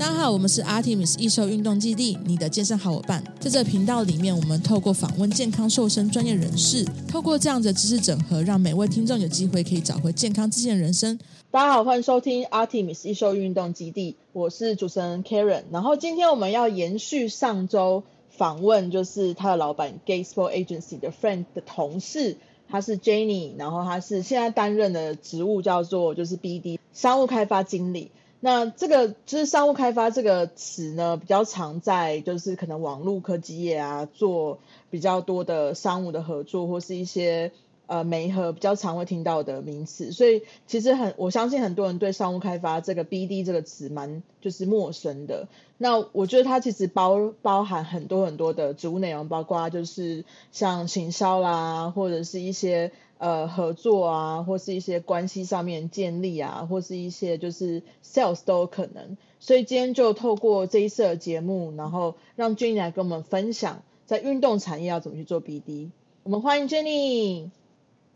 大家好，我們是 Artemis 一休運動基地，你的健身好夥伴。在這頻道裡面，我們透過訪問健康瘦身專業人士，透過這樣的知識整合，讓每位聽眾有機會可以找回健康自信人生。大家好，歡迎收聽 Artemis 一休運動基地，我是主持人 Karen。然後今天我們要延續上週訪問，就是他的老闆 GATE Sports Agency 的 friend 的同事，他是 Jenny，然後他是現在擔任的職務叫做就是 BD，商務開發經理。那這個就是商務開發這個詞呢，比較常在就是可能網絡科技業啊，做比較多的商務的合作或是一些呃媒合比較常會聽到的名詞。所以其實很我相信很多人對商務開發這個 BD 這個詞蠻就是陌生的。那我覺得它其實包包含很多很多的職務內容，包括就是像行銷啦，或者是一些。呃，合作啊，或是一些關係上面建立啊，或是一些就是 sales 都有可能。所以今天就透過這一次的節目，然後讓 Jenny 來跟我們分享在運動產業要怎麼去做 BD，我們歡迎 Jenny。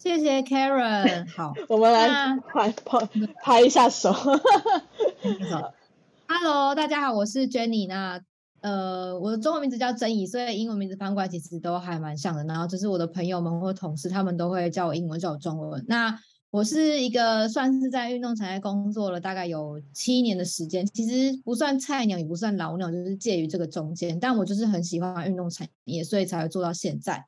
謝謝 Karen， 好，我們來拍拍那，拍一下手。 Hello，大家好，我是 Jenny，那。呃，我的中文名字叫貞誼，所以英文名字翻過來其實都還蠻像的。然後就是我的朋友們或同事，他們都會叫我英文叫我中文。那我是一個算是在運動產業工作了大概有七年的時間，其實不算菜鳥也不算老鳥，就是介於這個中間。但我就是很喜歡運動產業，所以才會做到現在。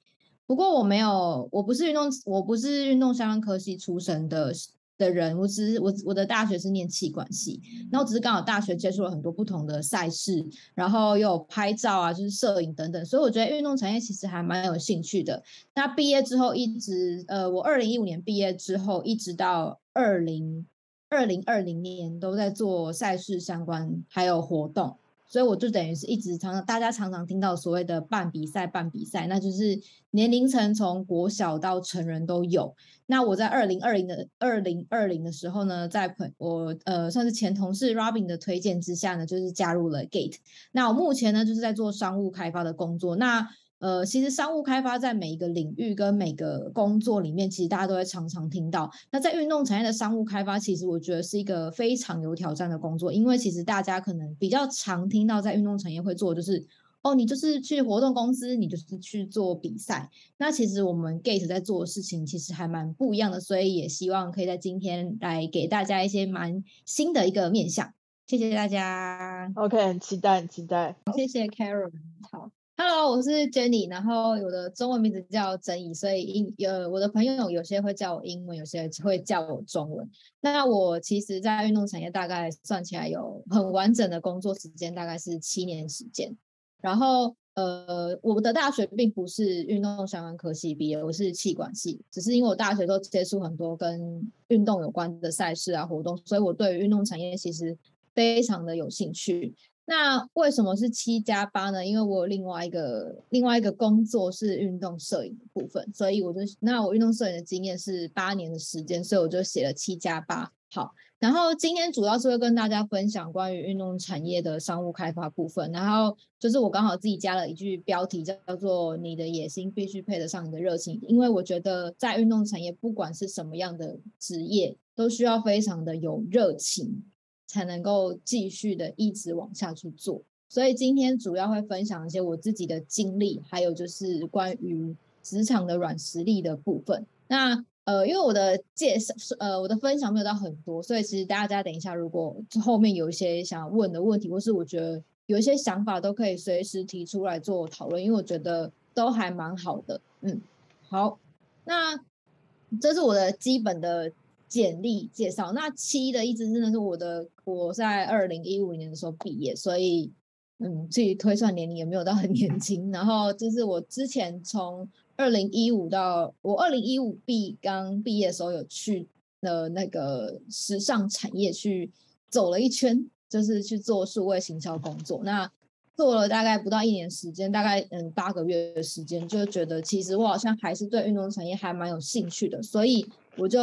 不過我沒有，我不是運動，我不是運動相關科系出身的。的人，我只是我我的大學是念企管系，然後只是剛好大學接觸了很多不同的賽事，然後又有拍照啊，就是攝影等等，所以我覺得運動產業其實還蠻有興趣的。那畢業之後一直呃，我二零一五年畢業之後，一直到二零二零二零年都在做賽事相關還有活動。所以我就等於是一直常常，大家常常聽到所謂的辦比賽辦比賽。那就是年齡層從國小到成人都有。那我在二零二零的二零二零的時候呢，在我呃算是前同事 Robin 的推薦之下呢，就是加入了 Gate。那我目前呢就是在做商務開發的工作。那呃，其實商務開發在每一個領域跟每個工作裡面，其實大家都會常常聽到。那在運動產業的商務開發，其實我覺得是一個非常有挑戰的工作，因為其實大家可能比較常聽到在運動產業會做，就是哦，你就是去活動公司，你就是去做比賽。那其實我們 Gate 在做的事情，其實還蠻不一樣的，所以也希望可以在今天來給大家一些蠻新的一個面向。謝謝大家。OK，很期待，很期待。謝謝 Carol，好。哈囉我是 Jenny，然後我的中文名字叫貞誼，所以英呃我的朋友有些會叫我英文，有些會叫我中文。那我其實，在運動產業大概算起來有很完整的工作時間，大概是七年時間。然後呃，我的大學並不是運動相關科系畢業，我是企管系，只是因為我大學都接觸很多跟運動有關的賽事啊活動，所以我對於運動產業其實非常的有興趣。那為什麼是七加八呢？因為我有另外一個另外一個工作是運動攝影的部分，所以我就那我運動攝影的經驗是八年的時間，所以我就寫了七加八。好，然後今天主要是會跟大家分享關於運動產業的商務開發部分，然後就是我剛好自己加了一句標題叫做“你的野心必須配得上你的熱情”，因為我覺得在運動產業，不管是什麼樣的職業，都需要非常的有熱情。才能夠繼續的一直往下去做，所以今天主要會分享一些我自己的經歷，還有就是關於職場的軟實力的部分。那呃，因為我的介紹呃，我的分享沒有到很多，所以其實大家等一下如果後面有一些想問的問題，或是我覺得有一些想法，都可以隨時提出來做討論，因為我覺得都還蠻好的。嗯，好，那這是我的基本的。簡歷介紹，那七的意思真的是我的，我在二零一五年的時候畢業，所以嗯，自己推算年齡也沒有到很年輕。然後就是我之前從二零一五到我二零一五畢剛畢業的時候，有去的那個時尚產業去走了一圈，就是去做數位行銷工作。那做了大概不到一年時間，大概嗯八個月的時間，就覺得其實我好像還是對運動產業還蠻有興趣的，所以我就。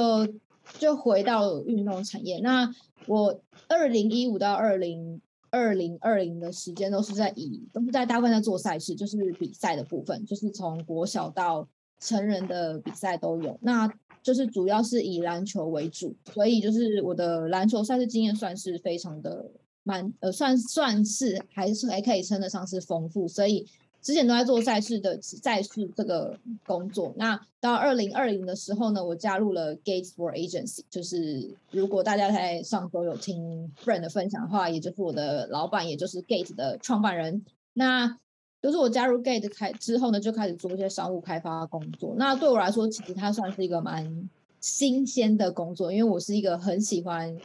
就回到運動產業，那我二零一五到二零二零二零的時間都是在以都是在大部分在做賽事，就是比賽的部分，就是從國小到成人的比賽都有，那就是主要是以籃球為主，所以就是我的籃球賽事經驗算是非常的滿，呃，算，算算是還是還可以稱得上是豐富，所以，之前都在做賽事的賽事這個工作，那到二零二零的時候呢，我加入了 Gate for Agency，就是如果大家在上周有聽 friend 的分享的話，也就是我的老板，也就是 Gate 的創辦人，那就是我加入 Gate 開之後呢，就開始做一些商務開發工作。那對我來說，其實它算是一個蠻新鮮的工作，因為我是一個很喜歡、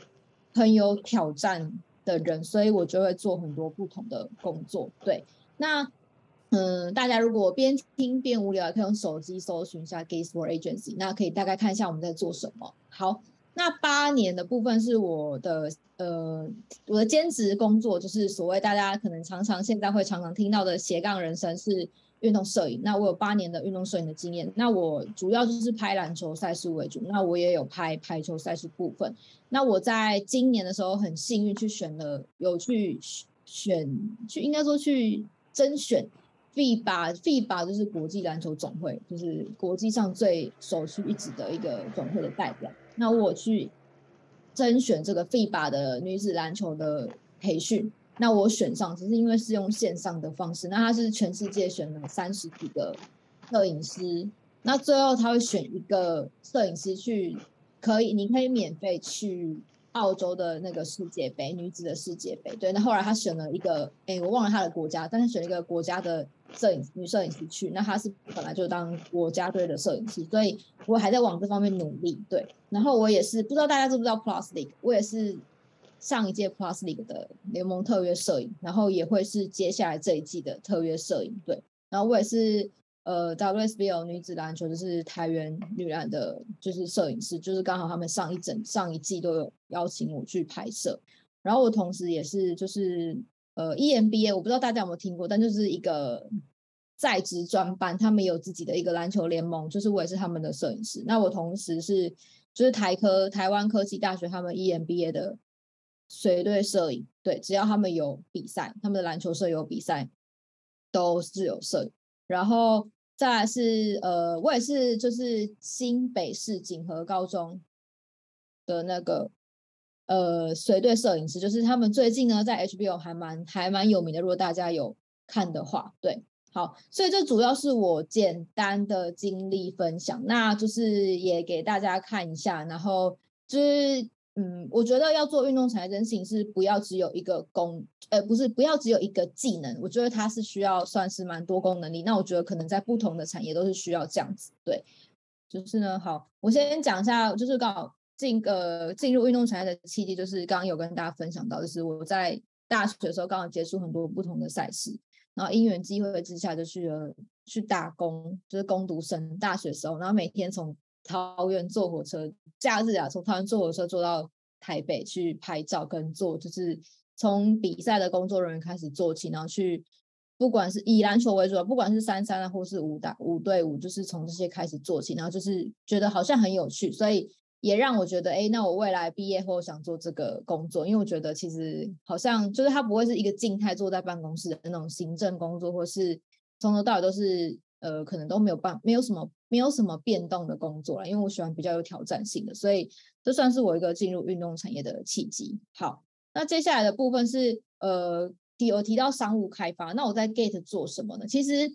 很有挑戰的人，所以我就會做很多不同的工作。對，那。嗯、呃，大家如果邊聽邊無聊，可以用手機搜尋一下 GATE Sports Agency，那可以大概看一下我們在做什麼。好，那八年的部分是我的呃我的兼職工作，就是所謂大家可能常常現在會常常聽到的斜槓人生，是運動攝影。那我有八年的運動攝影的經驗，那我主要就是拍籃球賽事為主，那我也有拍排球賽事部分。那我在今年的時候很幸運去選了，有去選，去應該說去甄選。FIBA，FIBA 就是國際籃球總會，就是國際上最首屈一指的一個總會的代表。那我去甄選這個 FIBA 的女子籃球的培訓，那我選上，只是因為是用線上的方式。那他是全世界選了三十幾個攝影師，那最後他會選一個攝影師去，可以，你可以免費去。澳洲的那個世界杯，女子的世界杯，對。那後，後來他選了一個，哎，我忘了他的國家，但是選了一個國家的攝影女攝影師去。那他是本來就當國家隊的攝影師，所以我還在往這方面努力。對，然後我也是不知道大家知不知道 P. League，我也是上一屆 P. League 的聯盟特約攝影，然後也會是接下來這一季的特約攝影。對，然後我也是。呃，W S B L 女子籃球就是台元女籃的，就是攝影師，就是剛好他們上一整上一季都有邀請我去拍攝。然後我同時也是就是呃 E M B A，我不知道大家有沒有聽過，但就是一個在職專班，他們也有自己的一個籃球聯盟，就是我也是他們的攝影師。那我同時是就是台科台灣科技大學他們 E M B A 的隨隊攝影，對，只要他們有比賽，他們的籃球社有比賽都是有攝影。然後。再來是呃，我也是就是新北市錦和高中的那個呃隨隊攝影師，就是他們最近呢在 HBL 還蠻還蠻有名的。如果大家有看的話，對，好，所以這主要是我簡單的經歷分享，那就是也給大家看一下，然後就是。嗯，我覺得要做運動產業真心是不要只有一個功，呃，不是不要只有一個技能，我覺得它是需要算是蠻多功能力。那我覺得可能在不同的產業都是需要這樣子，對。就是呢，好，我先講一下，就是剛好進個、呃、進入運動產業的契機，就是剛剛有跟大家分享到，就是我在大學的時候剛好接觸很多不同的賽事，然後因緣機會之下就去了去打工，就是工讀生大學時候，然後每天從。桃園坐火車，假日啊，從桃園坐火車坐到台北去拍照跟坐，跟做，就是從比賽的工作人員開始做起，然後去不管是以籃球為主，不管是三三啊，或是五打五對五，就是從這些開始做起，然後就是覺得好像很有趣，所以也讓我覺得，哎、欸，那我未來畢業後想做這個工作，因為我覺得其實好像就是它不會是一個靜態坐在辦公室的那種行政工作，或是從頭到尾都是。呃，可能都沒有辦，沒有什麼，沒有什麼變動的工作了，因為我喜歡比較有挑戰性的，所以這算是我一個進入運動產業的契機。好，那接下來的部分是呃，有提到商務開發，那我在 Gate 做什麼呢？其實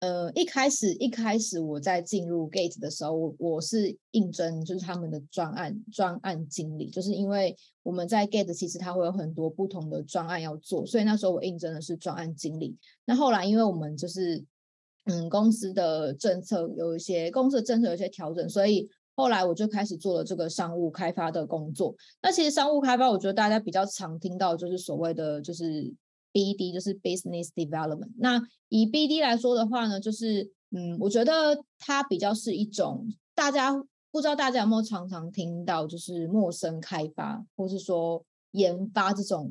呃，一開始一開始我在進入 Gate 的時候，我我是應徵就是他們的專案專案經理，就是因為我們在 Gate 其實他會有很多不同的專案要做，所以那時候我應徵的是專案經理。那後來因為我們就是。嗯，公司的政策有一些，公司的政策有一些調整，所以後來我就開始做了這個商務開發的工作。那其實商務開發，我覺得大家比較常聽到就是所謂的就是 BD，就是 Business Development。那以 BD 來說的話呢，就是嗯，我覺得它比較是一種大家，不知道大家有沒有常常聽到就是陌生開發，或是說研發這種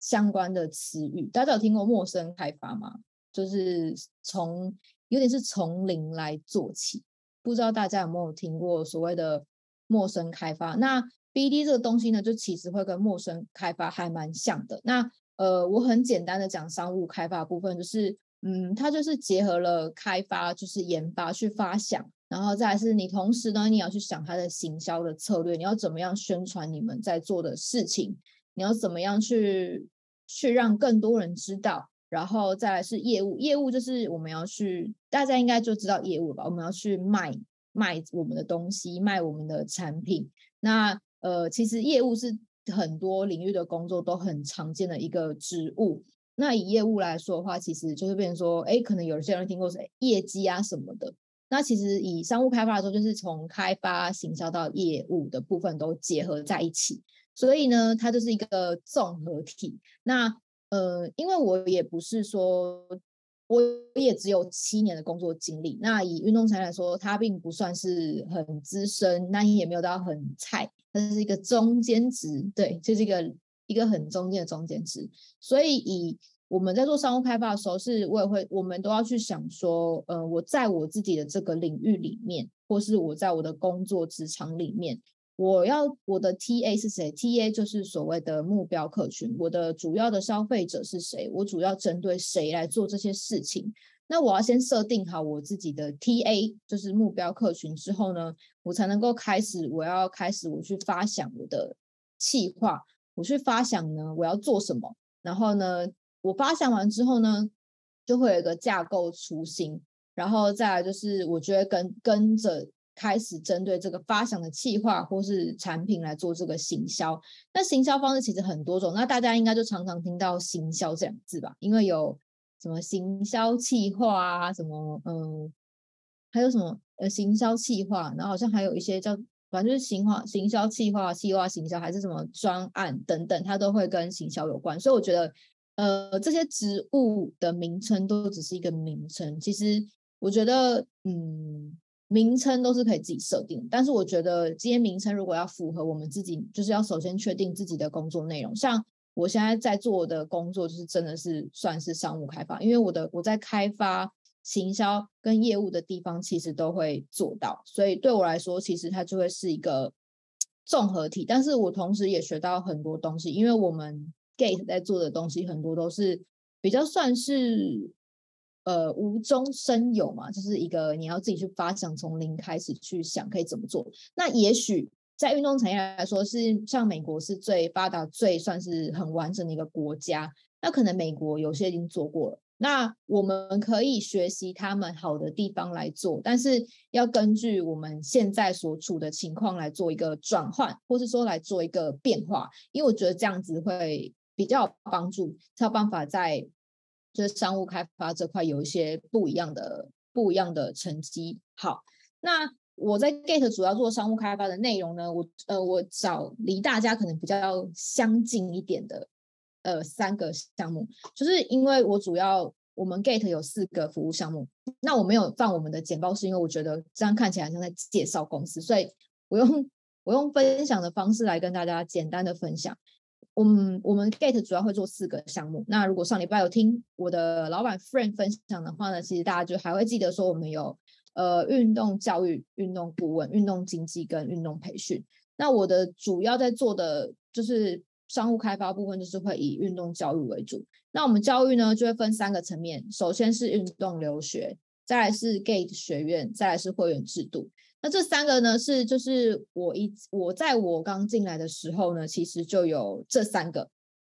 相關的詞語。大家有聽過陌生開發嗎？就是從有點是從零來做起，不知道大家有沒有聽過所謂的陌生開發？那 BD 這個東西呢，就其實會跟陌生開發還蠻像的。那呃，我很簡單的講商務開發部分，就是嗯，它就是結合了開發，就是研發去發想，然後再是你同時呢，你要去想它的行銷的策略，你要怎麼樣宣傳你們在做的事情，你要怎麼樣去去讓更多人知道。然後再來是業務，業務就是我們要去，大家應該就知道業務吧？我們要去賣賣我們的東西，賣我們的產品。那呃，其實業務是很多領域的工作都很常見的一個職務。那以業務來說的話，其實就是變成說，哎，可能有些人聽過是業績啊什麼的。那其實以商務開發來說，就是從開發、行銷到業務的部分都結合在一起，所以呢，它就是一個綜合體。那呃，因為我也不是說，我也只有七年的工作經歷。那以運動場來說，他並不算是很資深，那也沒有到很菜，他是一個中間值，對，就是一個一個很中間的中間值。所以，以我們在做商務開發的時候，是我也會，我們都要去想說，呃，我在我自己的這個領域裡面，或是我在我的工作職場裡面。我要我的 TA 是誰？TA 就是所謂的目標客群。我的主要的消費者是誰？我主要針對誰來做這些事情？那我要先設定好我自己的 TA，就是目標客群之後呢，我才能夠開始，我要開始我去發想我的企劃，我去發想呢，我要做什麼？然後呢，我發想完之後呢，就會有一個架構雛形，然後再來就是我覺得跟跟着。開始針對這個發想的企劃或是產品來做這個行銷，那行銷方式其實很多種，那大家應該就常常聽到行銷這兩字吧？因為有什麼行銷企劃啊，什麼嗯，還有什麼呃行銷企劃，然後好像還有一些叫反正就是行話行銷企劃、企劃行銷，還是什麼專案等等，它都會跟行銷有關。所以我覺得，呃，這些職務的名稱都只是一個名稱，其實我覺得嗯。名稱都是可以自己設定，但是我覺得，這些名稱如果要符合我們自己，就是要首先確定自己的工作內容。像我現在在做的工作，就是真的是算是商務開發，因為我的我在開發、行銷跟業務的地方，其實都會做到。所以對我來說，其實它就會是一個綜合體。但是我同時也學到很多東西，因為我們 Gate 在做的東西，很多都是比較算是。呃，無中生有嘛，就是一個你要自己去發想，從零開始去想可以怎麼做。那也許在運動產業來說，是像美國是最發達、最算是很完整的一個國家。那可能美國有些已經做過了，那我們可以學習他們好的地方來做，但是要根據我們現在所處的情況來做一個轉換，或是說來做一個變化。因為我覺得這樣子會比較有幫助，才有辦法在。就是商務開發這塊有一些不一樣的、不一樣的成績。好，那我在 Gate 主要做商務開發的內容呢，我呃，我找離大家可能比較相近一點的呃三個項目，就是因為我主要我們 Gate 有四個服務項目，那我沒有放我們的簡報，是因為我覺得這樣看起來像在介紹公司，所以我用我用分享的方式來跟大家簡單的分享。嗯，我們 Gate 主要會做四個項目。那如果上禮拜有聽我的老板 Frank 分享的話呢，其實大家就還會記得說我們有呃運動教育、運動顧問、運動經紀跟運動培訓。那我的主要在做的就是商務開發部分，就是會以運動教育為主。那我們教育呢，就會分三個層面：首先是運動留學，再來是 Gate 學院，再來是會員制度。那這三個呢，是就是我一我在我剛進來的時候呢，其實就有這三個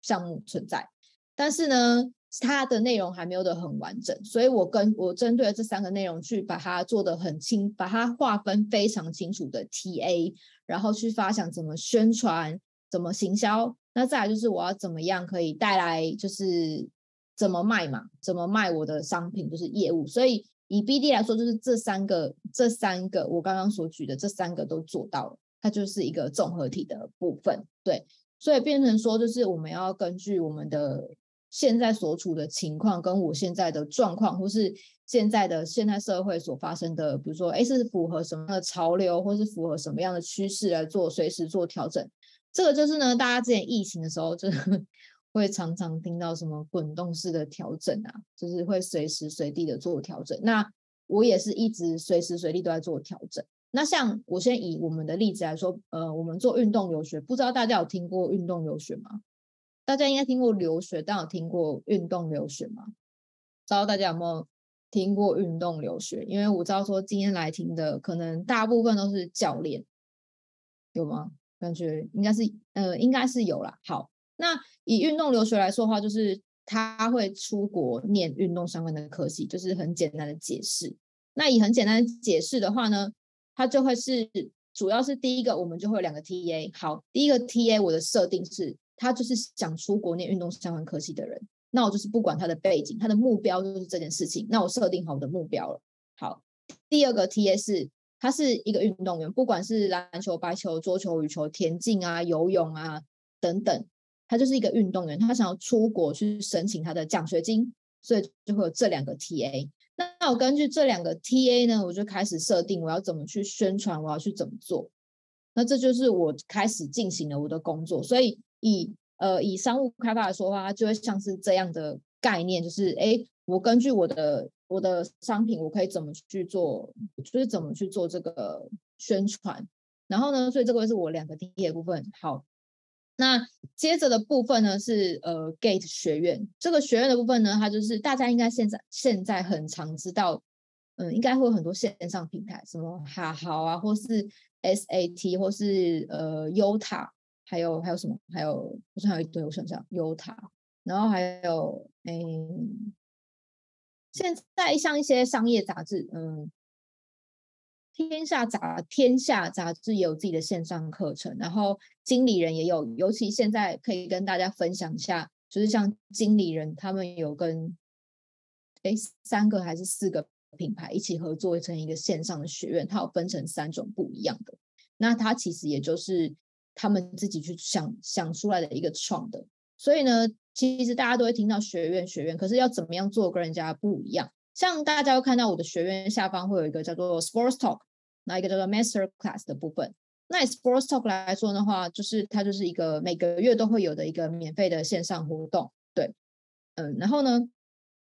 項目存在，但是呢，它的內容還沒有得很完整，所以我跟我針對了這三個內容去把它做得很清，把它劃分非常清楚的 T A，然後去發想怎麼宣傳，怎麼行銷，那再來就是我要怎麼樣可以帶來，就是怎麼賣嘛，怎麼賣我的商品，就是業務，所以。以 BD 來說，就是這三個，這三個我剛剛所舉的這三個都做到了，它就是一個綜合體的部分，對，所以變成說，就是我們要根據我們的現在所處的情況，跟我現在的狀況，或是現在的現代社會所發生的，比如說，誒、欸、是，是符合什麼樣的潮流，或是符合什麼樣的趨勢來做，隨時做調整。這個就是呢，大家之前疫情的時候，就是。會常常聽到什麼滾動式的調整啊，就是會隨時隨地的做調整。那我也是一直隨時隨地都在做調整。那像我先以我們的例子來說，呃，我們做運動留學，不知道大家有聽過運動留學嗎？大家應該聽過留學，但有聽過運動留學嗎？知道大家有沒有聽過運動留學？因為我知道說今天來聽的可能大部分都是教練，有嗎？感覺應該是，呃，應該是有啦。好。那以運動留學來說的話，就是他會出國念運動相關的科系，就是很簡單的解釋。那以很簡單的解釋的話呢，他就會是主要是第一個，我們就會有兩個 TA。好，第一個 TA，我的設定是，他就是想出國念運動相關科系的人，那我就是不管他的背景，他的目標就是這件事情，那我設定好我的目標了。好，第二個 TA 是他是一個運動員，不管是籃球、排球、桌球、羽球、田徑啊、游泳啊等等。他就是一個運動員，他想要出國去申請他的獎學金，所以就會有這兩個 TA。那我根據這兩個 TA 呢，我就開始設定我要怎麼去宣傳，我要去怎麼做。那這就是我開始進行了我的工作。所以以呃以商務開發來說的話，就會像是這樣的概念，就是哎，我根據我的我的商品，我可以怎麼去做，就是怎麼去做這個宣傳。然後呢，所以這個是我兩個 TA 的部分，好。那接着的部分呢是呃 Gate 學院這個學院的部分呢，它就是大家應該現在現在很常知道，嗯，應該會有很多線上平台，什麼哈豪啊，或是 SAT，或是呃 U 塔，ota, 還有還有什麼？還有不是還有一？一對我想一下，U 塔，ota, 然後還有嗯、欸，現在像一些商業雜誌，嗯。天下雜天下雜誌也有自己的線上課程，然後經理人也有，尤其現在可以跟大家分享一下，就是像經理人他們有跟哎三個還是四個品牌一起合作成一個線上的學院，它有分成三種不一樣的。那它其實也就是他們自己去想想出來的一個創的，所以呢，其實大家都會聽到學院學院，可是要怎麼樣做跟人家不一樣？像大家會看到我的學院下方會有一個叫做 Sports Talk。那、啊、一個叫做 master class 的部分，那 Sports Talk 來說的話，就是它就是一個每個月都會有的一個免費的線上活動。對，嗯、呃，然後呢，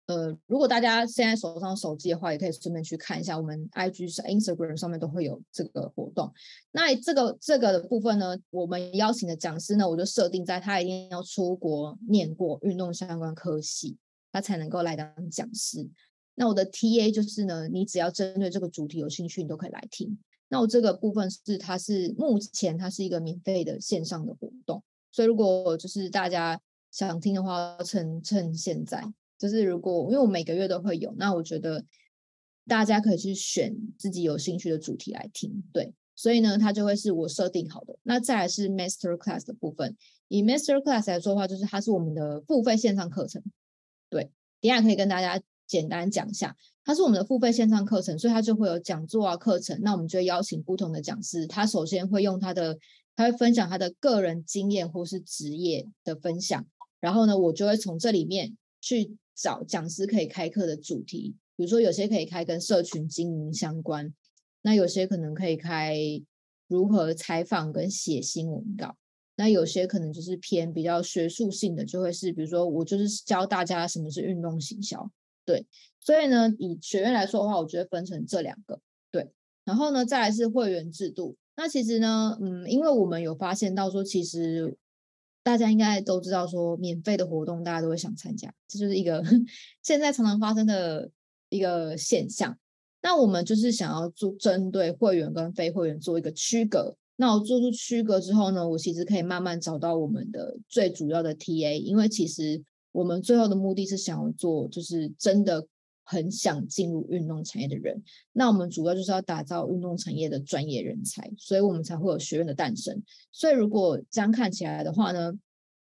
呃，如果大家現在手上手機的話，也可以順便去看一下，我們 IG 是 Instagram 上面都會有這個活動。那這個這個的部分呢，我們邀請的講師呢，我就設定在他一定要出國念過運動相關科系，他才能夠來當講師。那我的 TA 就是呢，你只要針對這個主題有興趣，你都可以來聽。那我這個部分是，它是目前它是一個免費的線上的活動，所以如果就是大家想聽的話，趁趁現在。就是如果因為我每個月都會有，那我覺得大家可以去選自己有興趣的主題來聽。對，所以呢，它就會是我設定好的。那再來是 Master Class 的部分，以 Master Class 來說的話，就是它是我們的付費線上課程。對，等下可以跟大家。簡單講一下，它是我們的付費線上課程，所以它就會有講座啊、課程。那我們就會邀請不同的講師，他首先會用他的，他會分享他的個人經驗或是職業的分享。然後呢，我就會從這裡面去找講師可以開課的主題，比如說有些可以開跟社群經營相關，那有些可能可以開如何採訪跟寫新聞稿。那有些可能就是偏比較學術性的，就會是比如說我就是教大家什麼是運動行銷。對，所以呢，以學院來說的話，我覺得分成這兩個，對，然後呢，再來是會員制度。那其實呢，嗯，因為我們有發現到說，其實大家應該都知道說免費的活動大家都會想參加，這就是一個現在常常發生的一個現象。那我們就是想要做針對會員跟非會員做一個區隔。那我做出區隔之後呢，我其實可以慢慢找到我們的最主要的 TA，因為其實我們最後的目的是想要做，就是真的很想進入運動產業的人。那我們主要就是要打造運動產業的專業人才，所以我們才會有學院的誕生。所以如果這樣看起來的話呢，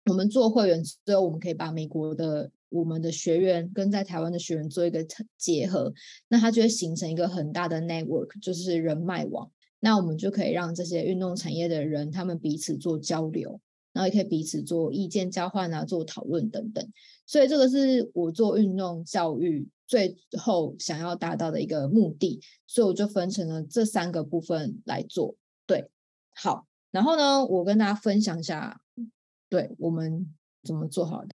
我們做會員之後，我們可以把美國的我們的學員跟在台灣的學員做一個結合，那它就會形成一個很大的 network，就是人脈網。那我們就可以讓這些運動產業的人他們彼此做交流。然後也可以彼此做意見交換啊，做討論等等，所以這個是我做運動教育最後想要達到的一個目的，所以我就分成了這三個部分來做。對，好，然後呢，我跟大家分享一下，對，我們怎麼做好的。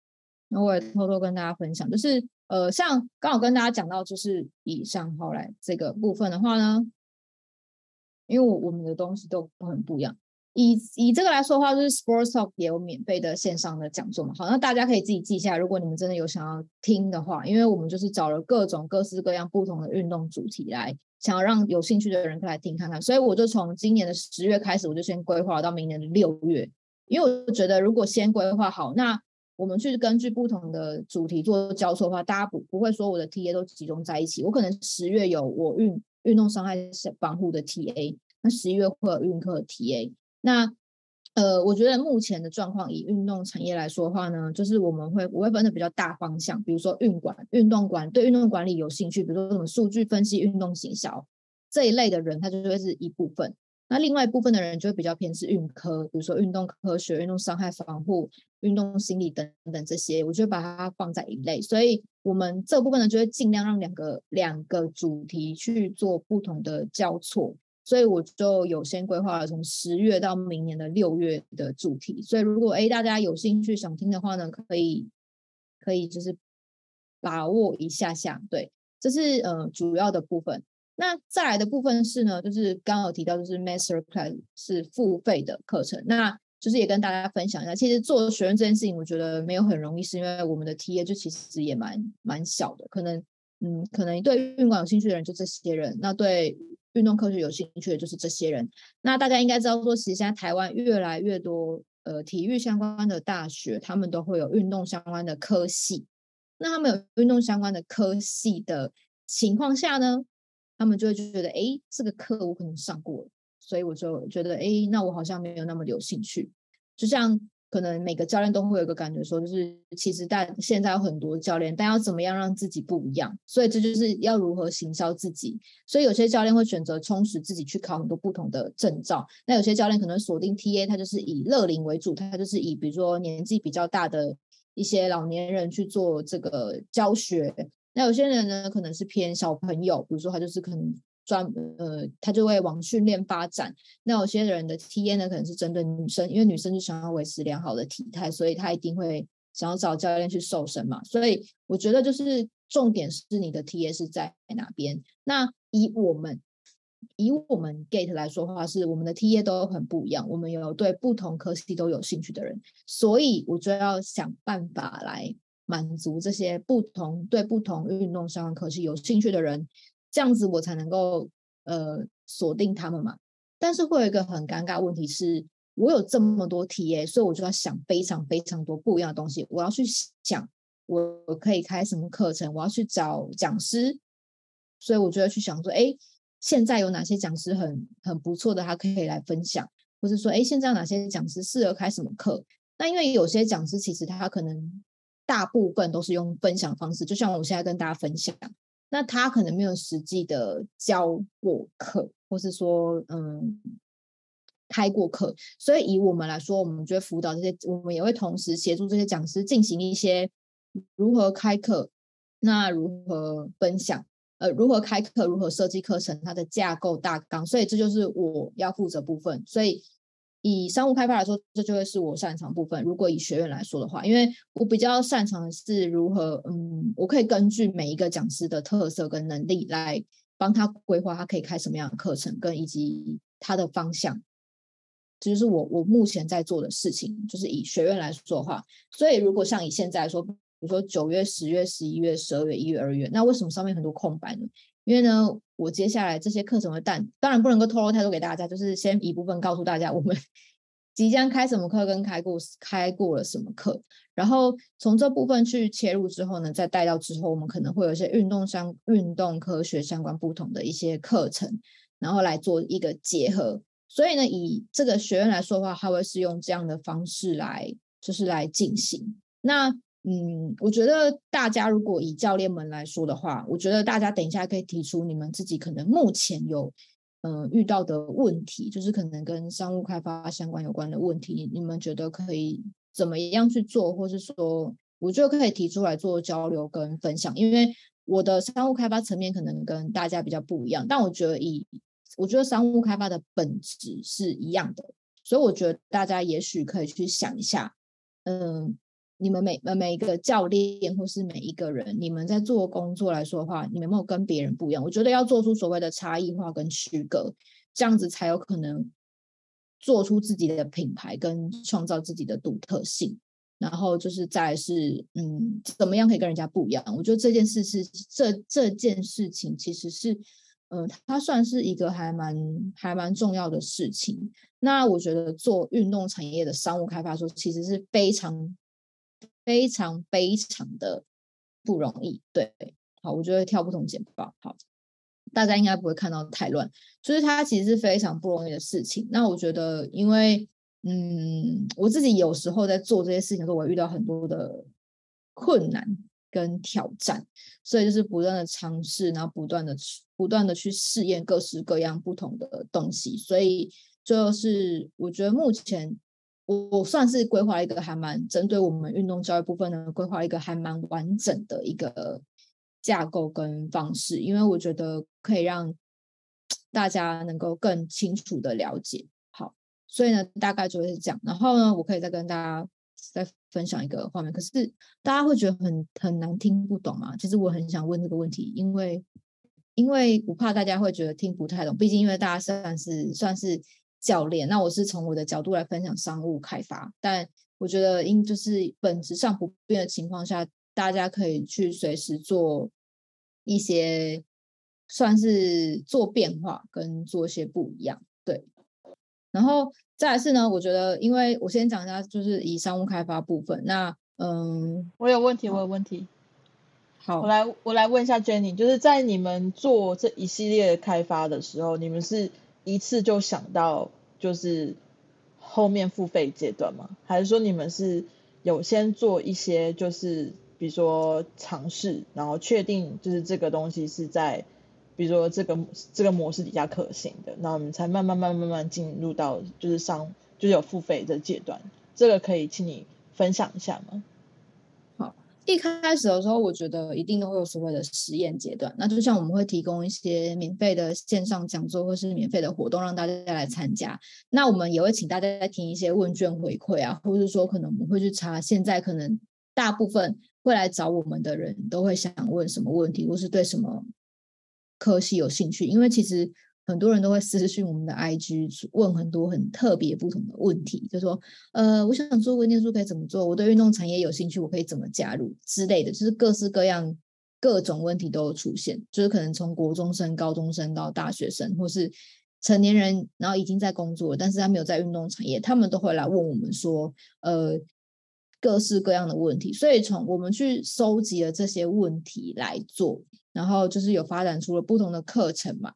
那我也偷偷跟大家分享，就是呃，像剛好跟大家講到就是以上後來這個部分的話呢，因為我我們的東西都很不一樣。以以這個來說的話，就是 Sports Talk 也有免費的線上的講座嘛。好，那大家可以自己記一下，如果你們真的有想要聽的話，因為我們就是找了各種各式各樣不同的運動主題來，想要讓有興趣的人可以來聽看看。所以我就從今年的十月開始，我就先規劃到明年的六月，因為我覺得如果先規劃好，那我們去根據不同的主題做交錯的話，大家不不會說我的 TA 都集中在一起。我可能十月有我運運動傷害防護的 TA，那十一月會有運課的 TA。那，呃，我覺得目前的狀況以運動產業來說的話呢，就是我們會我會分的比較大方向，比如說運管、運動管，對，運動管理有興趣，比如說什麼數據分析、運動行銷這一類的人，他就會是一部分。那另外一部分的人就會比較偏是運科，比如說運動科學、運動傷害防護、運動心理等等這些，我就把它放在一類。所以我們這部分呢，就會尽量讓兩個兩個主題去做不同的交錯。所以我就有先規劃了，從十月到明年的六月的主題。所以如果誒，大家有興趣想聽的話呢，可以可以就是把握一下下。對，這是呃主要的部分。那再來的部分是呢，就是剛剛有提到，就是 Master Class 是付費的課程。那就是也跟大家分享一下，其實做學生這件事情，我覺得沒有很容易，是因為我們的 TA 就其實也蠻蠻小的，可能嗯可能對運管有興趣的人就這些人，那對。運動科學有興趣的就是這些人。那大家應該知道，說其實現在台灣越來越多呃體育相關的大學，他們都會有運動相關的科系。那他們有運動相關的科系的情況下呢，他們就會覺得，哎，這個課我可能上過了，所以我就覺得，哎，那我好像沒有那麼有興趣。就像。可能每個教練都會有個感覺，說就是其實，但現在有很多教練，但要怎麼樣讓自己不一樣？所以這就是要如何行銷自己。所以有些教練會選擇充實自己，去考很多不同的證照。那有些教練可能鎖定 TA，他就是以樂齡為主，他就是以比如說年紀比較大的一些老年人去做這個教學。那有些人呢，可能是偏小朋友，比如說他就是可能。專呃，他就會往訓練發展。那有些人的 TA 呢，可能是針對女生，因為女生就想要維持良好的體態，所以她一定會想要找教練去瘦身嘛。所以我覺得就是重點是你的 TA 是在哪邊。那以我們以我們 Gate 來說的話，是我們的 TA 都很不一樣。我們有對不同科系都有興趣的人，所以我就要想辦法來滿足這些不同對不同運動相關科系有興趣的人。這樣子我才能夠呃鎖定他們嘛，但是會有一個很尷尬問題是，我有這麼多題耶、欸，所以我就要想非常非常多不一樣的東西，我要去想我可以開什麼課程，我要去找講師，所以我就要去想說，哎、欸，現在有哪些講師很很不錯的，他可以來分享，或者說，哎、欸，現在有哪些講師適合開什麼課？那因為有些講師其實他可能大部分都是用分享方式，就像我現在跟大家分享。那他可能沒有實際的教過課，或是說，嗯，開過課，所以以我們來說，我們就會輔導這些，我們也會同時協助這些講師進行一些如何開課，那如何分享，呃，如何開課，如何設計課程，它的架構大綱，所以這就是我要負責的部分，所以。以商務開發來說，這就會是我擅長的部分。如果以學院來說的話，因為我比較擅長的是如何，嗯，我可以根據每一個講師的特色跟能力來幫他規劃，他可以開什麼樣的課程，跟以及他的方向，這就是我我目前在做的事情。就是以學院來說的話，所以如果像以現在來說，比如說九月、十月、十一月、十二月、一月、二月，那為什麼上面很多空白呢？因為呢，我接下來這些課程的淡，當然不能夠透露太多給大家，就是先一部分告訴大家我們即將開什麼課，跟開過開過了什麼課，然後從這部分去切入之後呢，再帶到之後我們可能會有一些運動相、運動科學相關不同的一些課程，然後來做一個結合。所以呢，以這個學院來說的話，它會是用這樣的方式來，就是來進行。那嗯，我覺得大家如果以教練們來說的話，我覺得大家等一下可以提出你們自己可能目前有嗯、呃、遇到的問題，就是可能跟商務開發相關有關的問題。你們覺得可以怎麼樣去做，或是說我覺得可以提出來做交流跟分享，因為我的商務開發層面可能跟大家比較不一樣，但我覺得以我覺得商務開發的本質是一樣的，所以我覺得大家也許可以去想一下，嗯。你們每每一個教練或是每一個人，你們在做工作來說的話，你們有沒有跟別人不一樣？我覺得要做出所謂的差異化跟區隔，這樣子才有可能做出自己的品牌跟創造自己的獨特性。然後就是再是，嗯，怎麼樣可以跟人家不一樣？我覺得這件事是這這件事情其實是，嗯、呃，它算是一個還蠻還蠻重要的事情。那我覺得做運動產業的商務開發的時候，其實是非常。非常非常的不容易，對，好，我就會跳不同簡報，好，大家應該不會看到太亂，就是它其實是非常不容易的事情。那我覺得，因為，嗯，我自己有時候在做這些事情的時候，我遇到很多的困難跟挑戰，所以就是不斷的嘗試，然後不斷的不斷的去試驗各式各樣不同的東西，所以就是我覺得目前。我算是規劃一個還蠻針對我們運動教育部分呢，規劃一個還蠻完整的一個架構跟方式，因為我覺得可以讓大家能夠更清楚的了解。好，所以呢，大概就是這樣，然後呢，我可以再跟大家再分享一個畫面。可是大家會覺得很很難聽不懂嗎？其實我很想問這個問題，因為因為我怕大家會覺得聽不太懂，畢竟因為大家算是算是教練，那我是從我的角度來分享商務開發，但我覺得因就是本質上不變的情況下，大家可以去隨時做一些，算是做變化跟做一些不一樣。對，然後再來是呢，我覺得因為我先講一下，就是以商務開發部分，那嗯，我有問題，好我有問題。好，我來我來問一下 Jenny，就是在你們做這一系列的開發的時候，你們是一次就想到？就是後面付費階段嗎？還是說你們是有先做一些，就是比如說嘗試，然後確定就是這個東西是在，比如說這個這個模式底下可行的，然後你們才慢慢慢慢慢進入到就是上就是有付費的階段？這個可以請你分享一下嗎？一開始的時候，我覺得一定都會有所謂的實驗階段。那就像我們會提供一些免費的線上講座，或是免費的活動，讓大家來參加。那我們也會請大家來聽一些問卷回饋啊，或是說，可能我們會去查現在可能大部分會來找我們的人都會想問什麼問題，或是對什麼科系有興趣。因為其實。很多人都會私訊我們的 IG，問很多很特別不同的問題，就是說：“呃，我想做文題書，可以怎麼做？我對運動產業有興趣，我可以怎麼加入之類的？”就是各式各樣各種問題都有出現，就是可能從國中生、高中生到大學生，或是成年人，然後已經在工作了，但是他沒有在運動產業，他們都會來問我們說：“呃，各式各樣的問題。”所以從我們去收集了這些問題來做，然後就是有發展出了不同的課程嘛。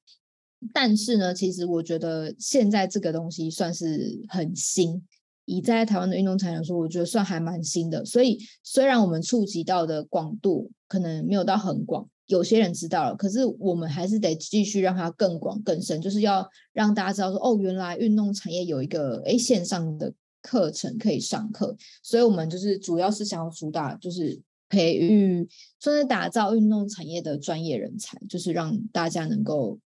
但是呢，其實我覺得現在這個東西算是很新，以在台灣的運動產業來說，我覺得算還蠻新的。所以雖然我們觸及到的廣度可能沒有到很廣，有些人知道了，可是我們還是得繼續讓它更廣更深，就是要讓大家知道說，哦，原來運動產業有一個，哎，線上的課程可以上課。所以我們就是主要是想要主打，就是培育，算是打造運動產業的專業人才，就是讓大家能夠。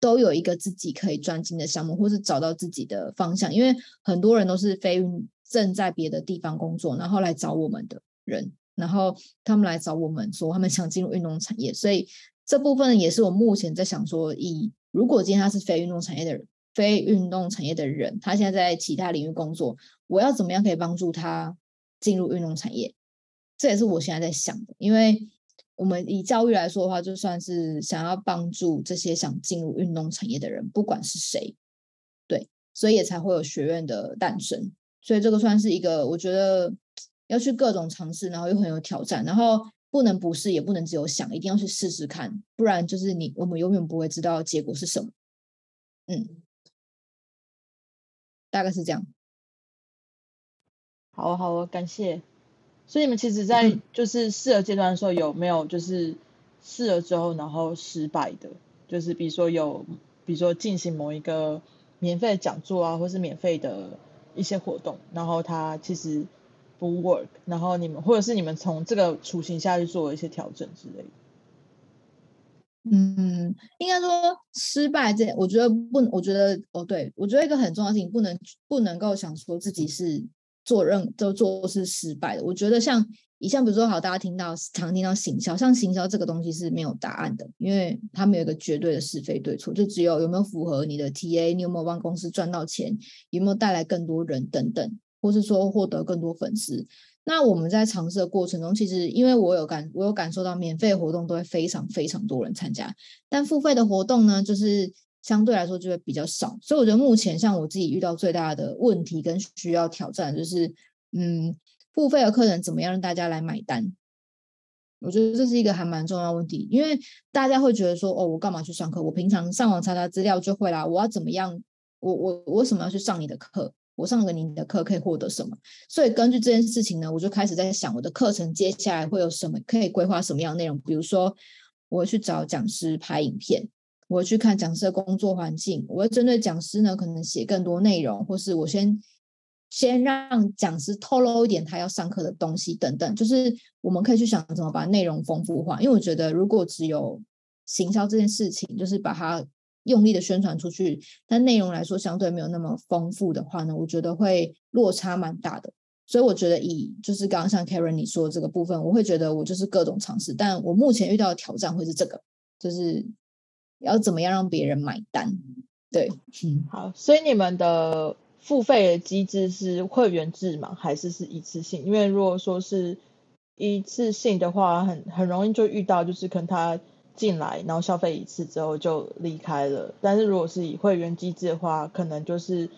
都有一個自己可以專精的項目，或是找到自己的方向。因為很多人都是非運，正在別的地方工作，然後來找我們的人，然後他們來找我們說他們想進入運動產業，所以這部分也是我目前在想說，以如果今天他是非運動產業的人，非運動產業的人，他現在在其他領域工作，我要怎麼樣可以幫助他進入運動產業？這也是我現在在想的，因為。我們以教育來說的話，就算是想要幫助這些想進入運動產業的人，不管是誰，對，所以也才會有學院的誕生。所以這個算是一個，我覺得要去各種嘗試，然後又很有挑戰，然後不能不是，也不能只有想，一定要去試試看，不然就是你我們永遠不會知道結果是什麼。嗯，大概是這樣。好啊，好啊，感謝。所以你們其實，在就是試了階段的時候，有沒有就是試了之後，然後失敗的？就是比如說有，比如說進行某一個免費的講座啊，或是免費的一些活動，然後他其實不 work，然後你們或者是你們從這個雛形下去做一些調整之類的。嗯，應該說失敗這，我覺得不，我覺得哦，對我覺得一個很重要的事情，不能不能夠想說自己是。做任都做是失敗的。我覺得像你像比如說好，大家聽到常聽到行銷，像行銷這個東西是沒有答案的，因為它沒有一個絕對的是非對錯，就只有有沒有符合你的 TA，你有沒有幫公司賺到錢，有沒有帶來更多人等等，或是說獲得更多粉絲。那我們在嘗試的過程中，其實因為我有感，我有感受到免費活動都會非常非常多人參加，但付費的活動呢，就是。相對來說就會比較少，所以我覺得目前像我自己遇到最大的問題跟需要挑戰就是，嗯，付費的課程怎麼樣讓大家來買單？我覺得這是一個還蠻重要的問題，因為大家會覺得說，哦，我幹嘛去上課？我平常上網查查資料就會啦。我要怎麼樣？我我我為什麼要去上你的課？我上了你的課可以獲得什麼？所以根據這件事情呢，我就開始在想，我的課程接下來會有什麼可以規劃什麼樣的內容？比如說，我去找講師拍影片。我去看講師的工作環境，我會針對講師呢，可能寫更多內容，或是我先先讓講師透露一點他要上課的東西等等，就是我們可以去想怎麼把內容豐富化。因為我覺得，如果只有行銷這件事情，就是把它用力的宣傳出去，但內容來說相對沒有那麼豐富的話呢，我覺得會落差蠻大的。所以我覺得以，以就是剛剛像 Karen 你說的這個部分，我會覺得我就是各種嘗試，但我目前遇到的挑戰會是這個，就是。要怎麼樣讓別人買單？對，嗯，好，所以你們的付費的機制是會員制嗎？還是是一次性？因為如果說是一次性的話，很很容易就遇到，就是跟他進來，然後消費一次之後就離開了。但是如果是以會員機制的話，可能就是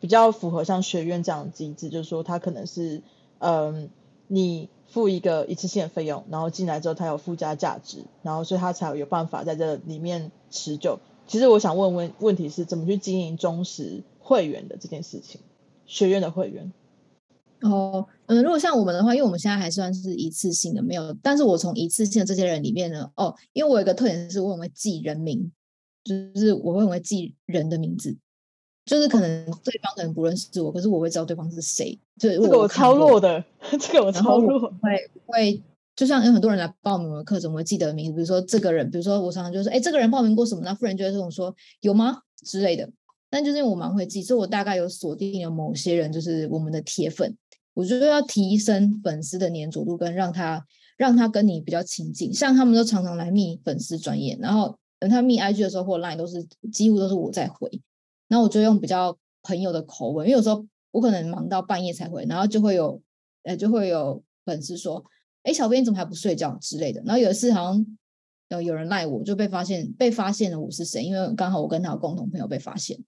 比較符合像學院這樣的機制，就是說他可能是，嗯，你付一個一次性的費用，然後進來之後他有附加價值，然後所以他才有辦法在這裡面持久，其實我想問問，問題是怎麼去經營忠實會員的這件事情？學院的會員？哦，嗯，如果像我們的話，因為我們現在還算是一次性的，沒有。但是我從一次性的這些人裡面呢，哦，因為我有一個特點是，我很會記人名，就是我會很會記人的名字，就是可能對方可能不認識我，可是我會知道對方是誰。就是、這個我超弱的，這個我超弱，會會。會就像有很多人來報名我的課程，我會記得名字。比如說這個人，比如說我常常就是哎，這個人報名過什麼？那富人就會這種說有嗎之類的。但就是因為我蠻會記，所以我大概有鎖定了某些人，就是我們的鐵粉。我覺得要提升粉絲的粘着度，跟讓他讓他跟你比較親近。像他們都常常來密粉絲專頁，然後等他密 IG 的時候或 Line 都是幾乎都是我在回，然後我就用比較朋友的口吻，因為有時候我可能忙到半夜才回，然後就會有呃、哎、就會有粉絲說。哎，小編，你怎麼還不睡覺之類的？然後有一次，好像有，有人賴我，就被發現被發現了我是誰，因為剛好我跟他的共同朋友被發現，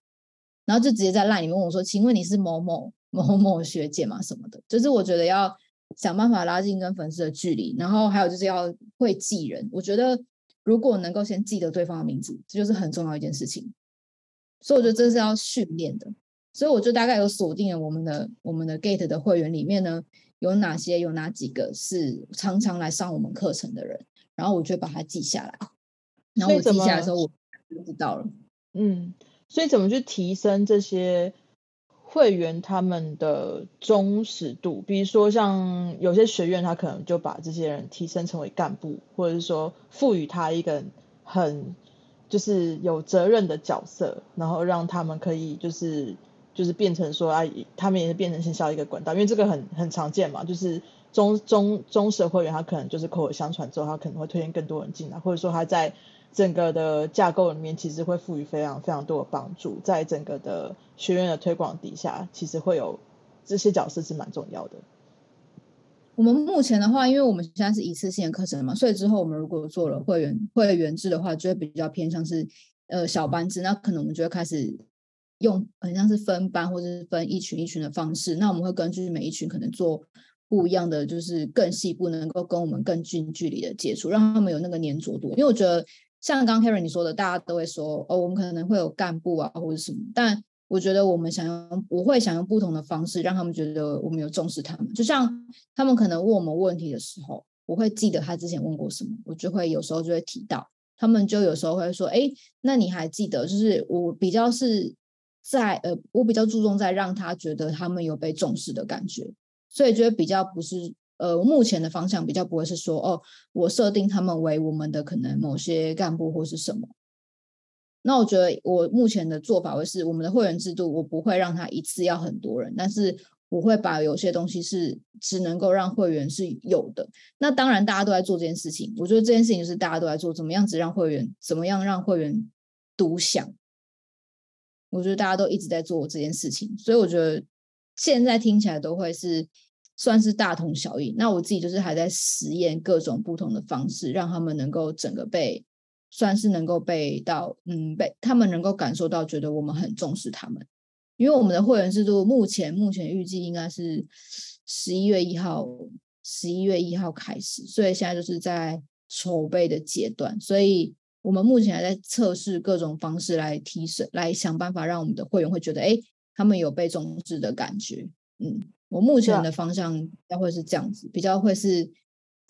然後就直接在賴裡面問我說：“請問你是某某某某學姐嗎？什麼的？”就是我覺得要想辦法拉近跟粉絲的距離，然後還有就是要會記人。我覺得如果能夠先記得對方的名字，這就是很重要一件事情。所以我覺得這是要訓練的。所以我就大概有鎖定了我們的我們的 Gate 的會員裡面呢，有哪些？有哪幾個是常常來上我們課程的人？然後我就把它記下來。然後我記下來的時候，我就知道了。所以怎麼，嗯，所以怎麼去提升這些會員他們的忠實度？比如說，像有些學院，他可能就把這些人提升成為幹部，或者是說賦予他一個很就是有責任的角色，然後讓他們可以就是。就是變成說啊，他們也是變成先銷一個管道，因為這個很很常見嘛。就是中中忠實會員，他可能就是口口相傳之後，他可能會推薦更多人進來，或者說他在整個的架構裡面，其實會賦予非常非常多的幫助。在整個的學院的推廣底下，其實會有這些角色是蠻重要的。我們目前的話，因為我們現在是一次性的課程嘛，所以之後我們如果做了會員，會員制的話，就會比較偏向是呃小班制，那可能我們就會開始。用很像是分班或者分一群一群的方式，那我們會根據每一群可能做不一樣的，就是更細部，能夠跟我們更近距離的接觸，讓他們有那個粘着度。因為我覺得像剛剛 Kerry 你說的，大家都會說哦，我們可能會有幹部啊，或者什麼，但我覺得我們想用，我會想用不同的方式，讓他們覺得我們有重視他們。就像他們可能問我們問題的時候，我會記得他之前問過什麼，我就會有時候就會提到，他們就有時候會說，哎、欸，那你還記得？就是我比較是。在呃，我比較注重在讓他覺得他們有被重視的感覺，所以覺得比較不是呃，目前的方向比較不會是說哦，我設定他們為我們的可能某些幹部或是什麼。那我覺得我目前的做法會是，我們的會員制度我不會讓他一次要很多人，但是我會把有些東西是只能夠讓會員是有的。那當然大家都在做這件事情，我覺得這件事情是大家都在做，怎麼樣子讓會員，怎麼樣讓會員獨享。我覺得大家都一直在做我這件事情，所以我覺得現在聽起來都會是算是大同小異。那我自己就是還在實驗各種不同的方式，讓他們能夠整個被算是能夠被到，嗯，被他們能夠感受到，覺得我們很重視他們。因為我們的會員制度目前目前預計應該是十一月一號，十一月一號開始，所以現在就是在籌備的階段，所以。我們目前還在測試各種方式來提升，來想辦法讓我們的會員會覺得，哎，他們有被重視的感覺。嗯，我目前的方向將會是這樣子，比較會是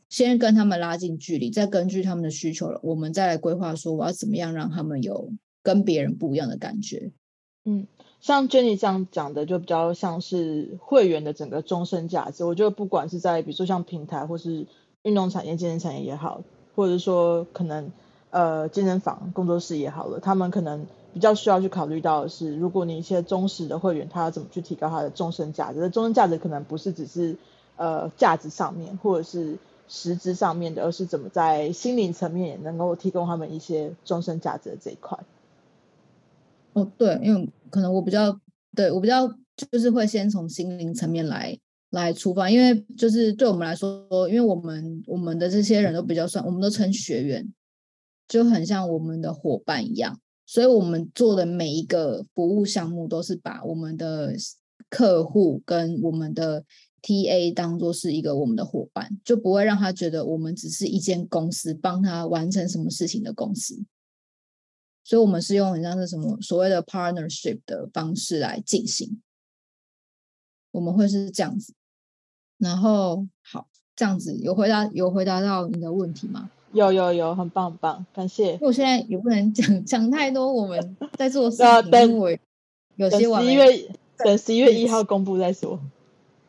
先跟他們拉近距離，再根據他們的需求了，我們再來規劃說我要怎麼樣讓他們有跟別人不一樣的感覺。嗯，像 Jenny 這樣講的，就比較像是會員的整個終身價值。我覺得不管是在，比如說像平台或是運動產業、健身產業也好，或者說可能。呃，健身房工作室也好了，他們可能比較需要去考慮到的是，如果你一些忠實的會員，他要怎麼去提高他的終身價值？終身價值可能不是只是呃價值上面，或者是實質上面的，而是怎麼在心靈層面也能夠提供他們一些終身價值的這一塊。哦，對，因為可能我比較，對，我比較就是會先從心靈層面來來出發，因為就是對我們來說，因為我們我們的這些人都比較算，我們都稱學員。就很像我們的伙伴一樣，所以我們做的每一個服務項目都是把我們的客戶跟我們的 TA 當做是一個我們的伙伴，就不會讓他覺得我們只是一間公司幫他完成什麼事情的公司。所以我們是用很像是什麼所謂的 partnership 的方式來進行。我們會是這樣子，然後好，這樣子，有回答，有回答到你的問題嗎？有有有，很棒很棒，感謝。因為我現在也不能講講太多，我們在做什麼、欸， 但有些晚因為等十一月一號公布再說，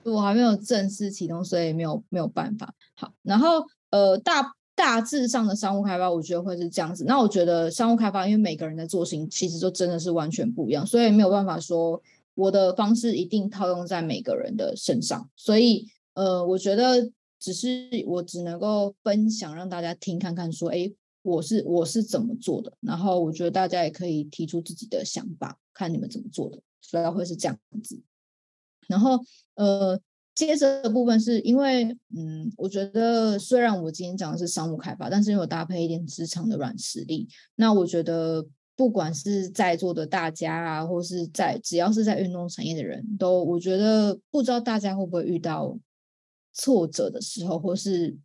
我還沒有正式啟動，所以沒有沒有辦法。好，然後呃，大大致上的商務開發，我覺得會是這樣子。那我覺得商務開發，因為每個人的做型其實就真的是完全不一樣，所以沒有辦法說我的方式一定套用在每個人的身上。所以呃，我覺得。只是我只能夠分享讓大家聽看看，說，哎，我是我是怎麼做的。然後我覺得大家也可以提出自己的想法，看你們怎麼做的，所以它會是這樣子。然後，呃，接着的部分是因為，嗯，我覺得雖然我今天講的是商務開發，但是因為我搭配一點職場的軟實力，那我覺得不管是在座的大家啊，或是在只要是在運動產業的人都，我覺得不知道大家會不會遇到。挫折的時候，或是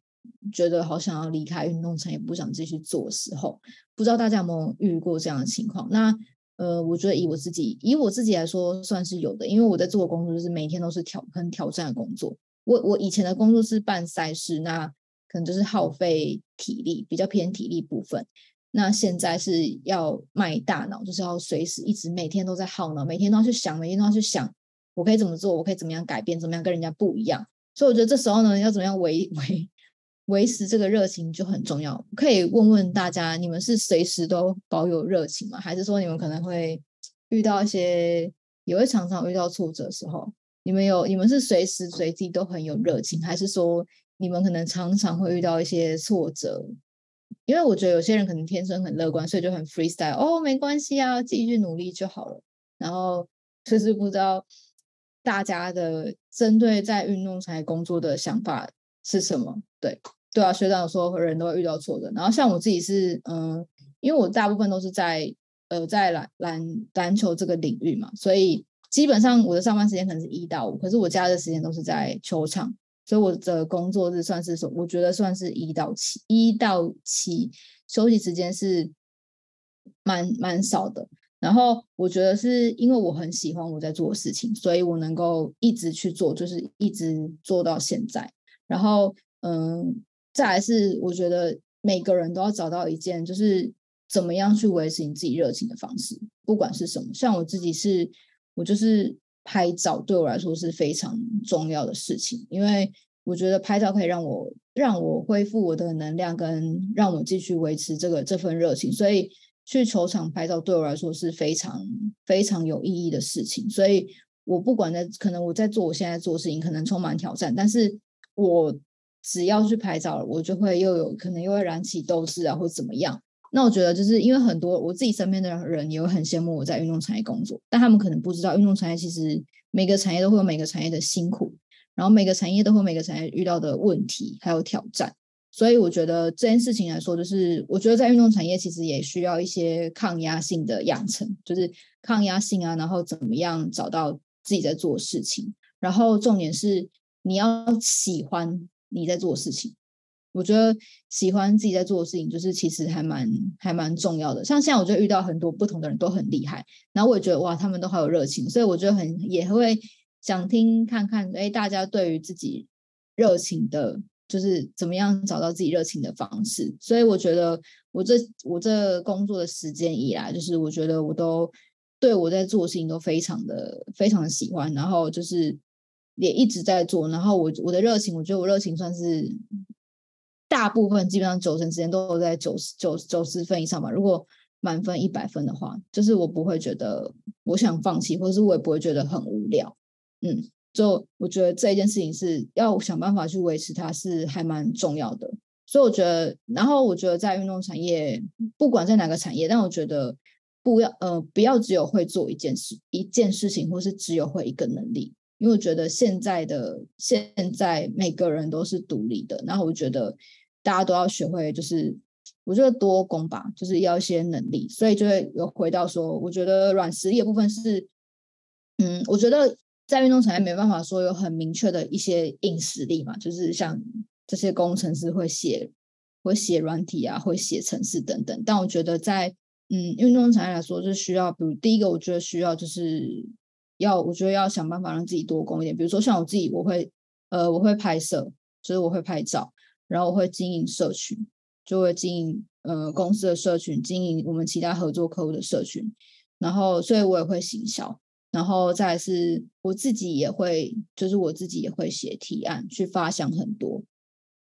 覺得好想要離開運動場，也不想繼續做的時候，不知道大家有沒有遇過這樣的情況？那呃，我覺得以我自己，以我自己來說，算是有的。因為我在做的工作就是每天都是挑，很挑戰的工作。我我以前的工作是辦賽事，那可能就是耗費體力，比較偏體力部分。那現在是要賣大腦，就是要隨時一直每天都在耗腦，每天都要去想，每天都要去想，我可以怎麼做，我可以怎麼樣改變，怎麼樣跟人家不一樣。所以我覺得這時候呢，要怎麼樣維維維持這個熱情就很重要。可以問問大家，你們是隨時都保有熱情嗎？還是說你們可能會遇到一些，也會常常遇到挫折的時候？你們有，你們是隨時隨地都很有熱情，還是說你們可能常常會遇到一些挫折？因為我覺得有些人可能天生很樂觀，所以就很 freestyle，哦，沒關係啊，繼續努力就好了。然後就是不知道。大家的針對在運動產業工作的想法是什麼？對對啊，學長說人都會遇到挫折。然後像我自己是嗯、呃，因為我大部分都是在呃在籃籃籃球這個領域嘛，所以基本上我的上班時間可能是一到五，可是我家的時間都是在球場，所以我的工作日算是說，我覺得算是一到七一到七，休息時間是蠻蠻少的。然後我覺得是因為我很喜歡我在做的事情，所以我能夠一直去做，就是一直做到現在。然後，嗯，再來是我覺得每個人都要找到一件，就是怎麼樣去維持你自己熱情的方式，不管是什麼。像我自己是，我就是拍照對我來說是非常重要的事情，因為我覺得拍照可以讓我讓我恢復我的能量，跟讓我繼續維持這個這份熱情，所以。去球場拍照對我來說是非常非常有意義的事情，所以我不管在可能我在做我現在做的事情，可能充滿挑戰，但是我只要去拍照，我就會又有可能又會燃起鬥志啊，或怎麼樣。那我覺得就是因為很多我自己身邊的人也會很羨慕我在運動產業工作，但他們可能不知道運動產業其實每個產業都會有每個產業的辛苦，然後每個產業都會每個產業遇到的問題還有挑戰。所以我覺得這件事情來說，就是我覺得在運動產業其實也需要一些抗壓性的養成，就是抗壓性啊，然後怎麼樣找到自己在做的事情，然後重點是你要喜歡你在做的事情。我覺得喜歡自己在做的事情，就是其實還蠻還蠻重要的。像現在我就遇到很多不同的人都很厲害，然後我也覺得，哇，他們都好有熱情，所以我覺得很也會想聽看看，哎，大家對於自己熱情的。就是怎麼樣找到自己熱情的方式，所以我覺得我這我這工作的時間以來，就是我覺得我都對我在做事情都非常的非常的喜歡，然後就是也一直在做，然後我我的熱情，我覺得我熱情算是大部分基本上九成時間都在九十九九十分以上吧，如果滿分一百分的話，就是我不會覺得我想放棄，或者是我也不會覺得很無聊，嗯。就我覺得這一件事情是要想辦法去維持，它是還蠻重要的。所以我覺得，然後我覺得在運動產業，不管在哪個產業，但我覺得不要呃不要只有會做一件事一件事情，或是只有會一個能力。因為我覺得現在的現在每個人都是獨立的，然後我覺得大家都要學會，就是我覺得多工吧，就是要一些能力。所以就會有回到說，我覺得軟實力的部分是，嗯，我覺得。在運動產業沒辦法說有很明確的一些硬實力嘛，就是像這些工程師會寫會寫軟體啊，會寫程式等等。但我覺得在嗯運動產業來說，就是需要，比如第一個，我覺得需要就是要我覺得要想辦法讓自己多工一點。比如說像我自己，我會呃我會拍攝，就是我會拍照，然後我會經營社群，就會經營呃公司的社群，經營我們其他合作客戶的社群，然後所以我也會行銷。然後再來是，我自己也會，就是我自己也會寫提案去發想很多，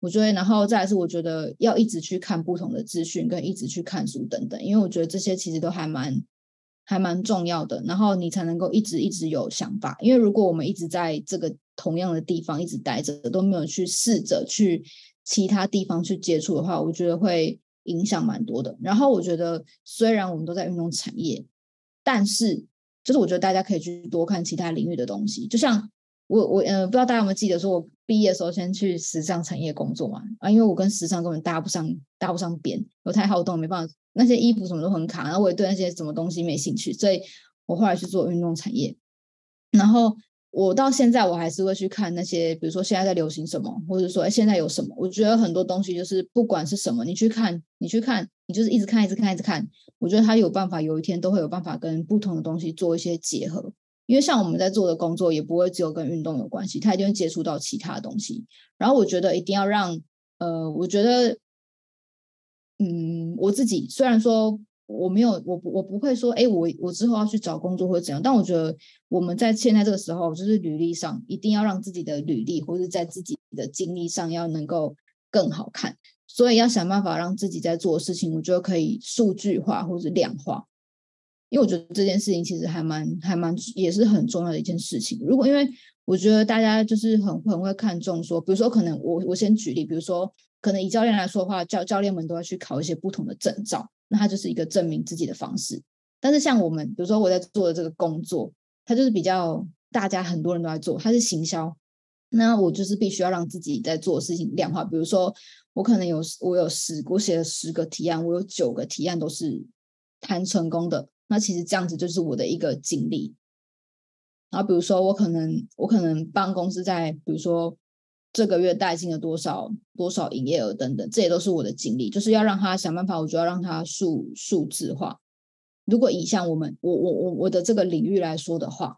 我覺得，然後再來是，我覺得要一直去看不同的資訊，跟一直去看書等等，因為我覺得這些其實都還蠻還蠻重要的。然後你才能夠一直一直有想法，因為如果我們一直在這個同樣的地方一直待着，都沒有去試着去其他地方去接觸的話，我覺得會影響蠻多的。然後我覺得，雖然我們都在運動產業，但是。就是我覺得大家可以去多看其他領域的東西，就像我我呃，不知道大家有沒有記得，說我畢業的時候先去時尚產業工作嘛？啊，因為我跟時尚根本搭不上搭不上邊，我太好動沒辦法，那些衣服什麼都很卡，然後我也對那些什麼東西沒興趣，所以我後來去做運動產業，然後。我到現在我還是會去看那些，比如說現在在流行什麼，或者說現在有什麼。我覺得很多東西就是不管是什麼，你去看，你去看，你就是一直看，一直看，一直看。我覺得它有辦法，有一天都會有辦法跟不同的東西做一些結合。因為像我們在做的工作，也不會只有跟運動有關係，它一定會接觸到其他東西。然後我覺得一定要讓，呃，我覺得，嗯，我自己雖然說。我沒有，我不我不會說，哎、欸，我我之後要去找工作或者怎樣。但我覺得我們在現在這個時候，就是履歷上一定要讓自己的履歷，或是在自己的經歷上要能夠更好看。所以要想辦法讓自己在做事情，我覺得可以數據化或者量化。因為我覺得這件事情其實還蠻還蠻也是很重要的一件事情。如果因為我覺得大家就是很很會看重說，比如說可能我我先舉例，比如說可能以教練來說的話，教教練們都要去考一些不同的證照。那它就是一個證明自己的方式，但是像我們，比如說我在做的這個工作，它就是比較大家很多人都在做，它是行銷，那我就是必須要讓自己在做的事情量化，比如說我可能有我有十，我寫了十個提案，我有九個提案都是談成功的，那其實這樣子就是我的一個經歷，然後比如說我可能我可能辦公室在，比如說這個月帶進了多少多少營業額等等，這也都是我的經歷，就是要讓他想辦法，我就要讓他數數字化。如果以像我們我我我我的這個領域來說的話，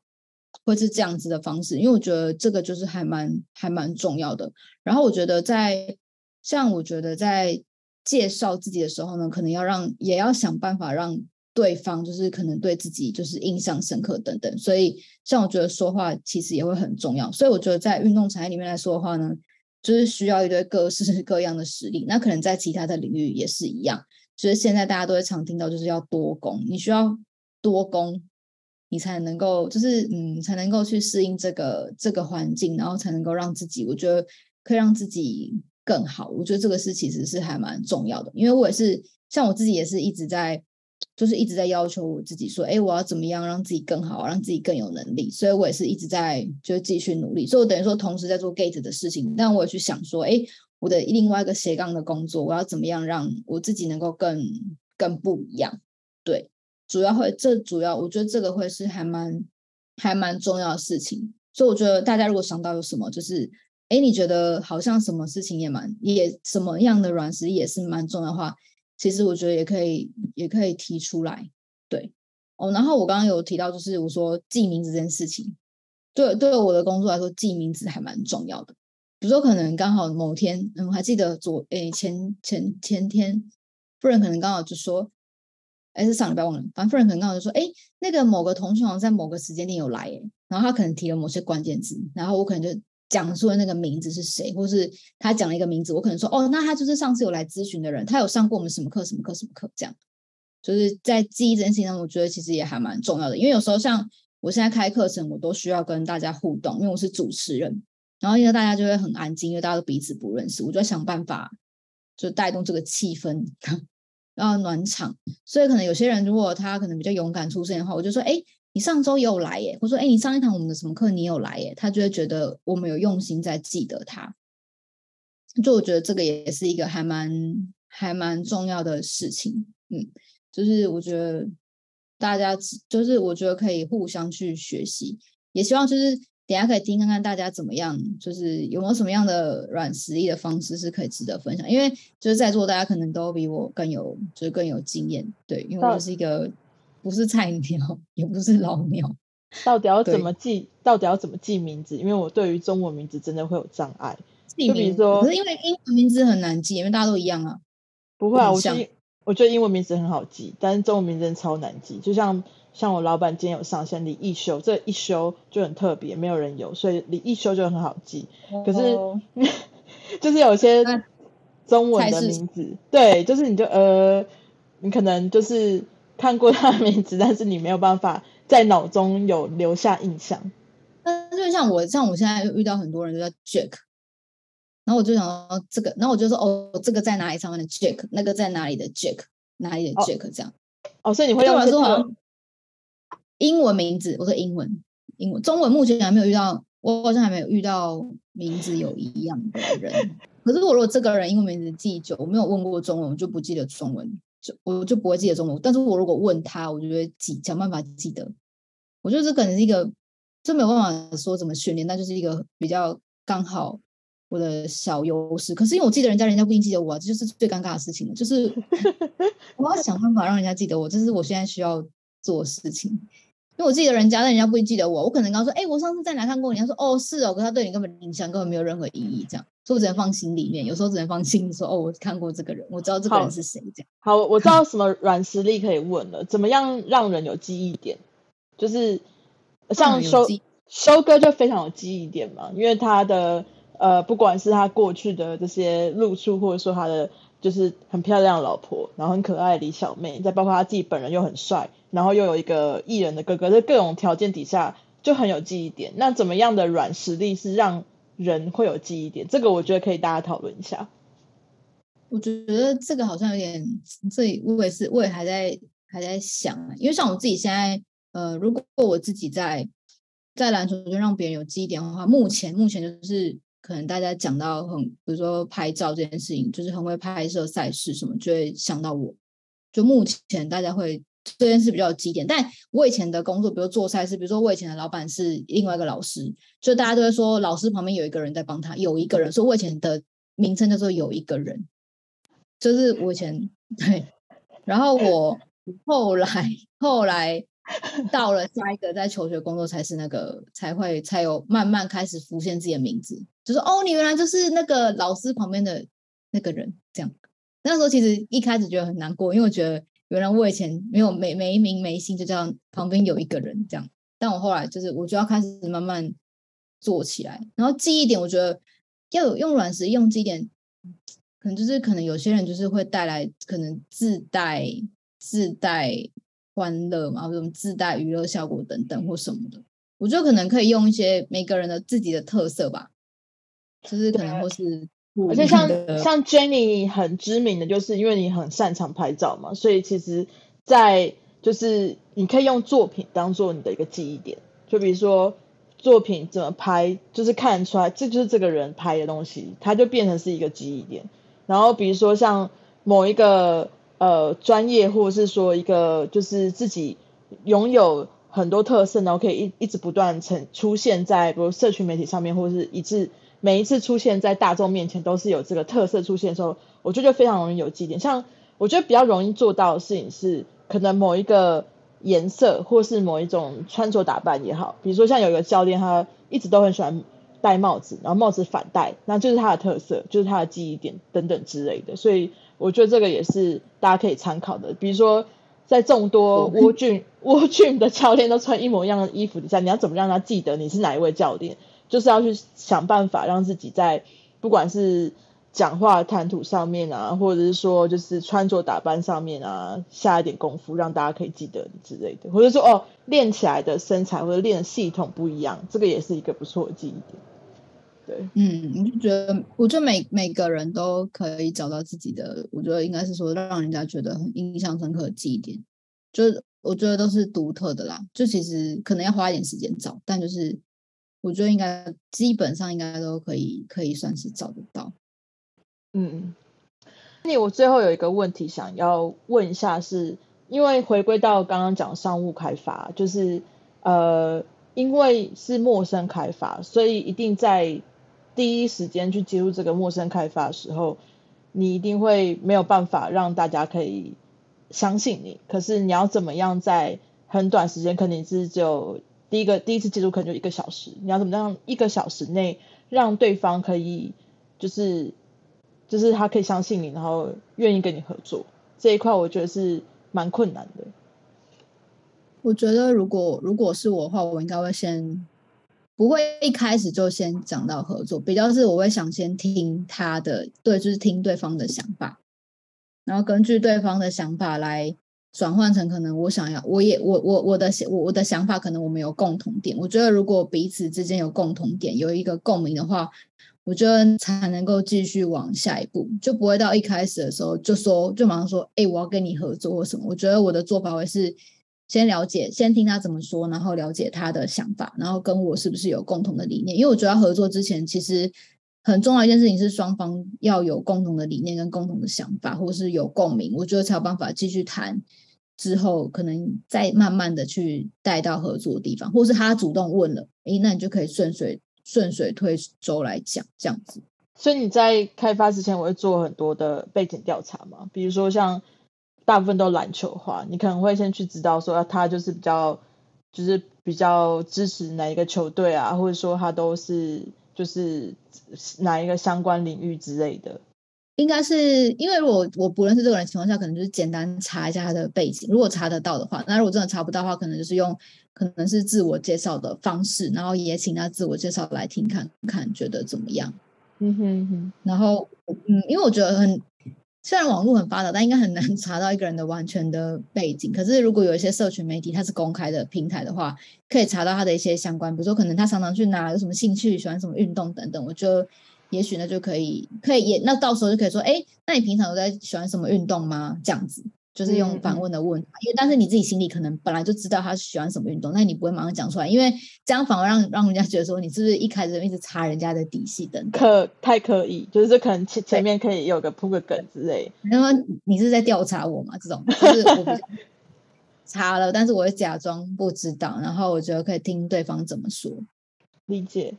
會是這樣子的方式，因為我覺得這個就是還蠻還蠻重要的。然後我覺得在像我覺得在介紹自己的時候呢，可能要讓也要想辦法讓。對方就是可能對自己就是印象深刻等等，所以像我覺得說話其實也會很重要。所以我覺得在運動產業裡面來說的話呢，就是需要一堆各式各樣的實力。那可能在其他的領域也是一樣。所以現在大家都會常聽到，就是要多工，你需要多工，你才能夠就是嗯，才能夠去適應這個這個環境，然後才能夠讓自己，我覺得可以讓自己更好。我覺得這個是其實是還蠻重要的，因為我也是像我自己也是一直在。就是一直在要求我自己說，哎，我要怎麼樣讓自己更好，讓自己更有能力。所以我也是一直在就繼續努力。所以，我等於說同時在做 gate 的事情，但我也去想說，哎，我的另外一個斜槓的工作，我要怎麼樣讓我自己能夠更更不一樣？對，主要會這主要，我覺得這個會是還蠻還蠻重要的事情。所以，我覺得大家如果想到有什麼，就是哎，你覺得好像什麼事情也蠻也什麼樣的軟實力也是蠻重要的話，其實我覺得也可以，也可以提出來，對，哦。然後我剛剛有提到，就是我說記名字這件事情，對對，我的工作來說記名字還蠻重要的。比如說，可能剛好某天，嗯，我還記得昨，哎，前前前天，夫人可能剛好就說，哎，是上禮拜忘了，反正夫人可能剛好就說，哎，那個某個同學好像在某個時間點有來，哎，然後他可能提了某些關鍵字，然後我可能就。講述的那個名字是誰，或是他講了一個名字，我可能說哦，那他就是上次有來諮詢的人，他有上過我們什麼課、什麼課、什麼課這樣，就是在記憶這件事情上，我覺得其實也還蠻重要的，因為有時候像我現在開課程，我都需要跟大家互動，因為我是主持人，然後因為大家就會很安靜，因為大家都彼此不認識，我就想辦法就帶動這個氣氛，然後暖場，所以可能有些人如果他可能比較勇敢出現的話，我就說哎。誒你上週也有來耶？我說，哎、欸，你上一堂我們的什麼課？你有來耶？他就會覺得我們有用心在記得他，就我覺得這個也是一個還蠻還蠻重要的事情。嗯，就是我覺得大家，就是我覺得可以互相去學習，也希望就是等下可以聽看看大家怎麼樣，就是有沒有什麼樣的軟實力的方式是可以值得分享。因為就是在座大家可能都比我更有，就是更有經驗，對，因為我是一個。不是菜鳥，也不是老鳥，到底要怎麼記？對到底要怎麼記名字？因為我對於中文名字真的會有障礙。名就比如說，不是因為英文名字很難記，因為大家都一樣啊。不會啊，我英我，我覺得英文名字很好記，但是中文名字超難記。就像像我老板今天有上線李一修，這個，一修就很特別，沒有人有，所以李一修就很好記。嗯、可是 就是有些中文的名字，是對，就是你就呃，你可能就是。看過他的名字，但是你沒有辦法在腦中有留下印象。那就像我，像我現在遇到很多人都叫 Jack，然後我就想到這個，然後我就說哦，這個在哪裡上面的 Jack？那個在哪裡的 Jack？哪裡的 Jack？哦、這樣。哦，所以你會用我說個。英文名字，我說英文，英文中文目前還沒有遇到，我好像還沒有遇到名字有一樣的人。 可是我如果這個人英文名字記久，我沒有問過中文，我就不記得中文。就我就不會記得中文，但是我如果問他，我就會記，想辦法記得。我覺得這可能是一個，這沒有辦法說什麼訓練，那就是一個比較剛好我的小優勢。可是因為我記得人家，人家不一定記得我，啊，這就是最尷尬的事情了。就是我要想辦法讓人家記得我，這，就是我現在需要做事情。因為我記得人家，但人家不一定記得我。我可能剛說，哎、欸，我上次在哪看過，你，他說，哦，是哦，可他對你根本、印象根本沒有任何意義，這樣。都只能放心裡面，有時候只能放心說哦，我看過這個人，我知道這個人是誰？好這樣好，我知道什麼軟實力可以問了，嗯、怎麼樣讓人有記憶點？就是像修、嗯、修哥就非常有記憶點嘛，因為他的呃，不管是他過去的這些露出，或者說他的就是很漂亮的老婆，然後很可愛的李小妹，再包括他自己本人又很帥，然後又有一個藝人的哥哥，在各種條件底下就很有記憶點。那怎麼樣的軟實力是讓？人會有記憶點，這個我覺得可以大家討論一下。我覺得這個好像有點，這我也是，我也還在還在想，因為像我自己現在，呃，如果我自己在在籃球，就讓別人有記憶點的話，目前目前就是可能大家講到很，比如說拍照這件事情，就是很會拍攝賽事什麼，就會想到我。就目前大家會。這件事比較有幾點，但我以前的工作，比如做賽事，比如說我以前的老闆是另外一個老師，就大家都會說老師旁邊有一個人在幫他，有一個人，所以我以前的名稱叫做有一個人，就是我以前，對。然後我後來後來到了下一個在求學工作，才是那個才會才有慢慢開始浮現自己的名字，就是哦，你原來就是那個老師旁邊的那個人這樣。那時候其實一開始覺得很難過，因為我覺得。原來我以前沒有沒名沒姓，就這樣旁邊有一個人這樣。但我後來就是，我就要開始慢慢做起來。然後記憶點，我覺得要有用軟石，用這一點，可能就是可能有些人就是會帶來可能自帶自帶歡樂嘛，什麼自帶娛樂效果等等或什麼的。我覺得可能可以用一些每個人的自己的特色吧，就是可能或是。而且像像 Jenny 很知名的就是因為你很擅長拍照嘛，所以其實，在就是你可以用作品當做你的一個記憶點。就比如說作品怎麼拍，就是看出來這就是這個人拍的東西，它就變成是一個記憶點。然後比如說像某一個呃專業，或者是說一個就是自己擁有很多特色，然後可以一一直不斷呈出現在，比如社群媒體上面，或者是一致。每一次出現在大眾面前都是有這個特色出現的時候，我覺得就非常容易有記憶點。像我覺得比較容易做到的事情是，可能某一個顏色，或是某一種穿着打扮也好，比如說像有一個教練，他一直都很喜歡戴帽子，然後帽子反戴，那就是他的特色，就是他的記憶點等等之類的。所以我覺得這個也是大家可以參考的。比如說，在眾多烏俊烏俊的教練都穿一模一樣的衣服底下，你要怎麼讓他記得你是哪一位教練？就是要去想辦法讓自己在不管是講話談吐上面啊，或者是說就是穿着打扮上面啊，下一點功夫，讓大家可以記得之類的。或者說哦，練起來的身材或者練系統不一樣，這個也是一個不錯的記憶點。對，嗯，我就覺得，我覺得每每個人都可以找到自己的，我覺得應該是說，讓人家覺得很印象深刻的記憶點，就是我覺得都是獨特的啦。就其實可能要花一點時間找，但就是。我覺得應該基本上應該都可以，可以算是找得到。嗯，那我最後有一個問題想要問一下是，是因為回歸到剛剛講的商務開發，就是呃，因為是陌生開發，所以一定在第一時間去接觸這個陌生開發的時候，你一定會沒有辦法讓大家可以相信你。可是你要怎麼樣在很短時間，肯定是只有。第一個第一次接觸可能就一個小時，你要怎麼樣一個小時內讓對方可以就是就是他可以相信你，然後願意跟你合作。這一塊，我覺得是蠻困難的。我覺得如果如果是我的話，我應該會先不會一開始就先講到合作，比較是我會想先聽他的，對，就是聽對方的想法，然後根據對方的想法來轉換成可能，我想要，我也我我我的我我的想法，可能我們有共同點。我覺得如果彼此之間有共同點，有一個共鳴的話，我覺得才能夠繼續往下一步，就不會到一開始的時候就說就馬上說，哎、欸，我要跟你合作或什麼。我覺得我的做法會是先了解，先聽他怎麼說，然後了解他的想法，然後跟我是不是有共同的理念。因為我覺得合作之前，其實。很重要的一件事情是雙方要有共同的理念跟共同的想法，或是有共鳴，我覺得才有辦法繼續談。之後可能再慢慢的去帶到合作的地方，或是他主動問了，哎、欸，那你就可以順水順水推舟來講這樣子。所以你在開發之前，我會做很多的背景調查嘛，比如說像大部分都籃球的話，你可能會先去知道說他就是比較就是比較支持哪一個球隊啊，或者說他都是。就是哪一個相關領域之類的，應該是因為我我不認識這個人情況下，可能就是簡單查一下他的背景。如果查得到的話，那如果真的查不到的話，可能就是用可能是自我介紹的方式，然後也請他自我介紹來聽看看，看覺得怎麼樣？嗯哼嗯哼。然後嗯，因為我覺得很。雖然網絡很發達，但應該很難查到一個人的完全的背景。可是，如果有一些社群媒體，它是公開的平台的話，可以查到他的一些相關，比如說可能他常常去哪，有什麼興趣，喜歡什麼運動等等。我就也許那就可以，可以也那到時候就可以說，哎，那你平常有在喜歡什麼運動嗎？這樣子。就是用反問的問題，嗯、因為但是你自己心裡可能本來就知道他喜歡什麼運動，那你不會馬上講出來，因為這樣反而讓讓人家覺得說，你是不是一開始就一直查人家的底細等等。可太可以，就是可能前前面可以有個鋪個梗之類，對，那麼你是在調查我嗎？這種就是我不是查了， 但是我會假裝不知道，然後我覺得可以聽對方怎麼說，理解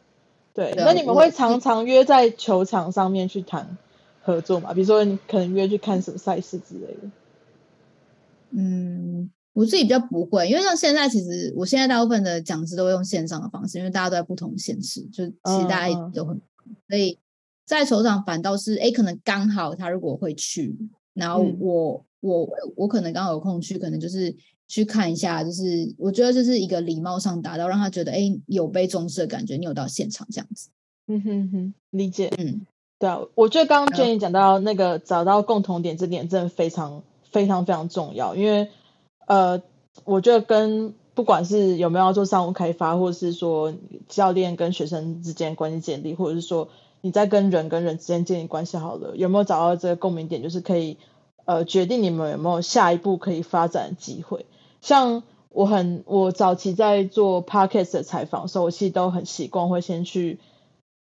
對。對那你們會常常約在球場上面去談合作嗎？比如說你可能約去看什麼賽事之類的。嗯，我自己比較不會，因為像現在，其實我現在大部分的講師都會用線上的方式，因為大家都在不同的現實，就其實大家都很，嗯、所以在球場反倒是，哎、欸，可能剛好他如果會去，然後我、嗯、我我可能剛好有空去，可能就是去看一下，就是我覺得這是一個禮貌上達到讓他覺得，哎、欸，有被重視的感覺，你有到現場這樣子。嗯哼哼，理解。嗯，對啊，我覺得剛剛 Jenny 講到那個找到共同點，這點真的非常。非常非常重要，因為呃，我覺得跟不管是有沒有要做商務開發，或者是說教練跟學生之間關係建立，或者是說你在跟人跟人之間建立關係好了，有沒有找到這個共鳴點，就是可以呃決定你們有沒有下一步可以發展的機會。像我很我早期在做 Podcast 的採訪的時候，我其實都很習慣會先去。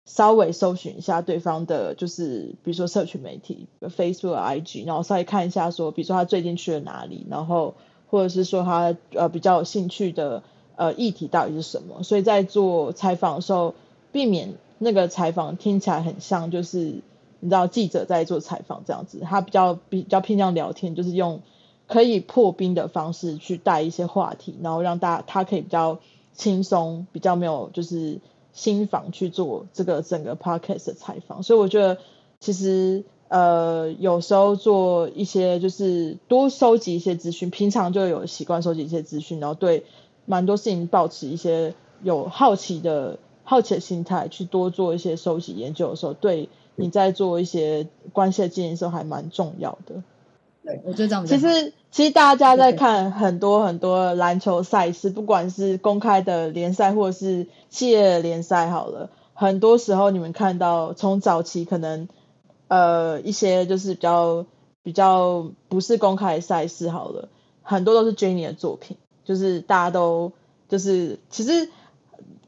稍微搜尋一下對方的，就是比如說社群媒體，Facebook、IG，然後稍微看一下說，比如說他最近去了哪裡，然後或者是說他呃比較有興趣的呃議題到底是什麼，所以在做採訪的時候，避免那個採訪聽起來很像就是你知道記者在做採訪這樣子，他比較比較偏向聊天，就是用可以破冰的方式去帶一些話題，然後讓大家他可以比較輕鬆，比較沒有就是。新房去做這個整個 podcast 的採訪，所以我覺得其實呃，有時候做一些就是多收集一些資訊，平常就有習慣收集一些資訊，然後對蠻多事情保持一些有好奇的好奇的心態，去多做一些收集研究的時候，對你在做一些關係的建設還蠻重要的。我覺得這樣。其實，其實大家在看很多很多籃球賽事，Okay. 不管是公開的聯賽或者是企業聯賽好了，很多時候你們看到從早期可能呃一些就是比較比較不是公開的賽事好了，很多都是 Jenny 的作品，就是大家都就是其實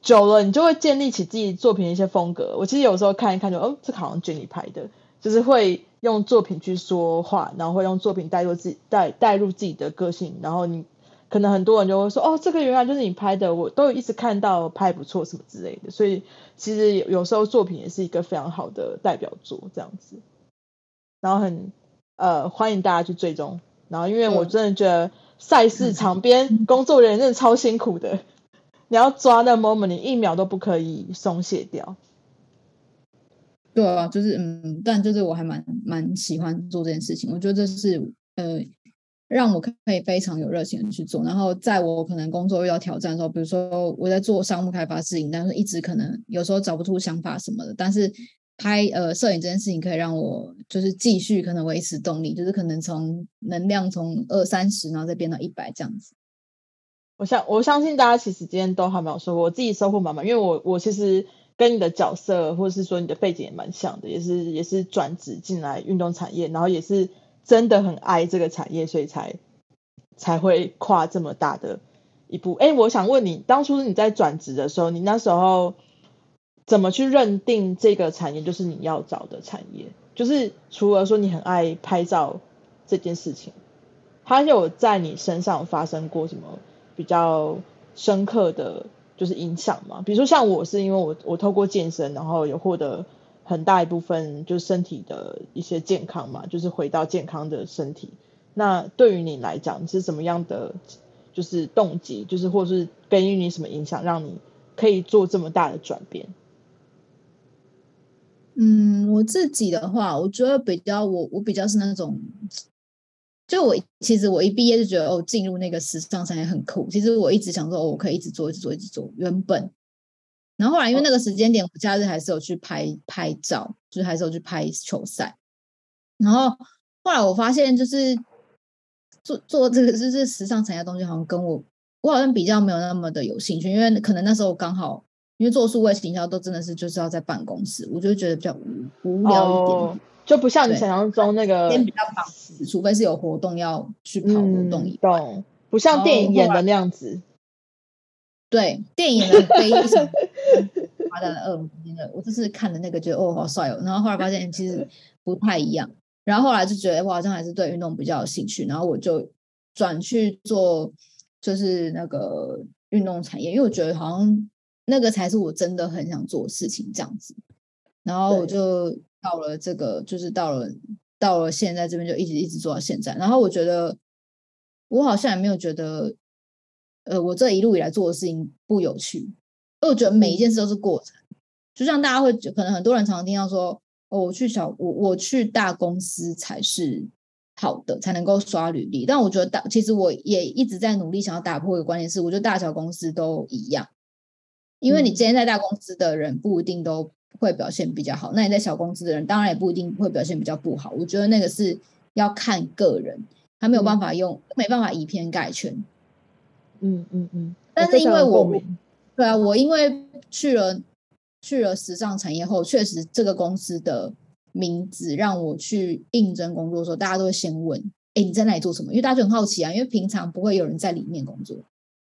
久了你就會建立起自己作品的一些風格。我其實有時候看一看就，就哦，這個、好像 Jenny 拍的，就是會。用作品去說話，然後會用作品帶入自己，帶帶入自己的個性。然後你可能很多人就會說，哦，這個原來就是你拍的，我都一直看到拍不錯什麼之類的。所以其實有有時候作品也是一個非常好的代表作，這樣子。然後很呃歡迎大家去追蹤。然後因為我真的覺得賽事場邊工作人員真的超辛苦的，嗯、 你要抓那 moment，你一秒都不可以鬆懈掉。對啊，就是嗯，但就是我還蠻蠻喜歡做這件事情，我覺得這是呃，讓我可以非常有熱情的去做。然後在我可能工作遇到挑戰的時候，比如說我在做商務開發事情，但是一直可能有時候找不出想法什麼的，但是拍呃攝影這件事情可以讓我就是繼續可能維持動力，就是可能從能量從二三十，然後再變到一百這樣子。我相我相信大家其實今天都還沒有收穫，我自己收穫滿滿，因為我我其實。跟你的角色或者是說你的背景也蠻像的，也是也是轉職進來運動產業，然後也是真的很愛這個產業，所以才才會跨這麼大的一步。誒，我想問你，當初你在轉職的時候，你那時候怎麼去認定這個產業就是你要找的產業？就是除了說你很愛拍照這件事情，它有在你身上發生過什麼比較深刻的？就是影響嘛，比如說像我是因為我我透過健身，然後有獲得很大一部分就是身體的一些健康嘛，就是回到健康的身體。那對於你來講，你是什麼樣的就是動機，就是或是給予你什麼影響，讓你可以做這麼大的轉變？嗯，我自己的話，我覺得比較我我比較是那種。就我其實我一畢業就覺得哦，進入那個時尚產業很酷。其實我一直想說，哦，我可以一直做，一直做，一直做。原本，然後後來因為那個時間點，我假日還是有去拍拍照，就是還是有去拍球賽。然後後來我發現，就是做做這個就是時尚產業東西，好像跟我我好像比較沒有那麼的有興趣。因為可能那時候剛好，因為做數位行銷都真的是就是要在辦公室，我就覺得比較無無聊一點。Oh. 就不像你想象中那個，比較忙，除非是有活動要去跑活動以外，嗯，不像電影演的那樣子。後後對電影的非常誇張的，我就是看的那個覺得哦，好帥哦，然後後來發現其實不太一樣，然後後來就覺得我好像還是對運動比較有興趣，然後我就轉去做就是那個運動產業，因為我覺得好像那個才是我真的很想做的事情這樣子，然後我就。到了這個，就是到了，到了現在這邊就一直一直做到現在。然後我覺得，我好像也沒有覺得，呃，我這一路以來做的事情不有趣。因為我覺得每一件事都是過程，嗯、就像大家會，可能很多人常常聽到說，哦，我去小，我我去大公司才是好的，才能夠刷履歷。但我覺得大，其實我也一直在努力想要打破一個觀念，是我覺得大小公司都一樣，因為你今天在大公司的人不一定都、嗯。會表現比較好，那你在小公司的人，當然也不一定會表現比較不好。我覺得那個是要看個人，他沒有辦法用，沒辦法以偏概全。嗯嗯嗯。嗯嗯，但是因為我，我對啊，我因為去了去了時尚產業後，確實這個公司的名字讓我去應徵工作的時候，大家都會先問：哎，你在那裡做什麼？因為大家就很好奇啊，因為平常不會有人在裡面工作，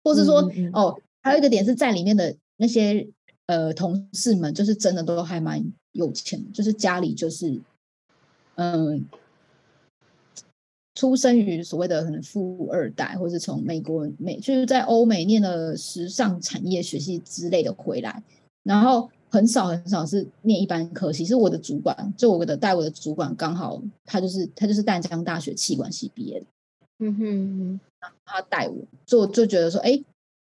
或是說、嗯嗯、哦，還有一個點是在裡面的那些。呃，同事們就是真的都還蠻有錢，就是家裡就是，嗯，出生於所謂的可能富二代，或是從美國美就是在歐美念了時尚產業、學習之類的回來，然後很少很少是念一般科。其實我的主管就我的帶我的主管，剛好他就是他就是淡江大學企管系畢業的，嗯哼，嗯哼，然後他帶我，就就覺得說，哎。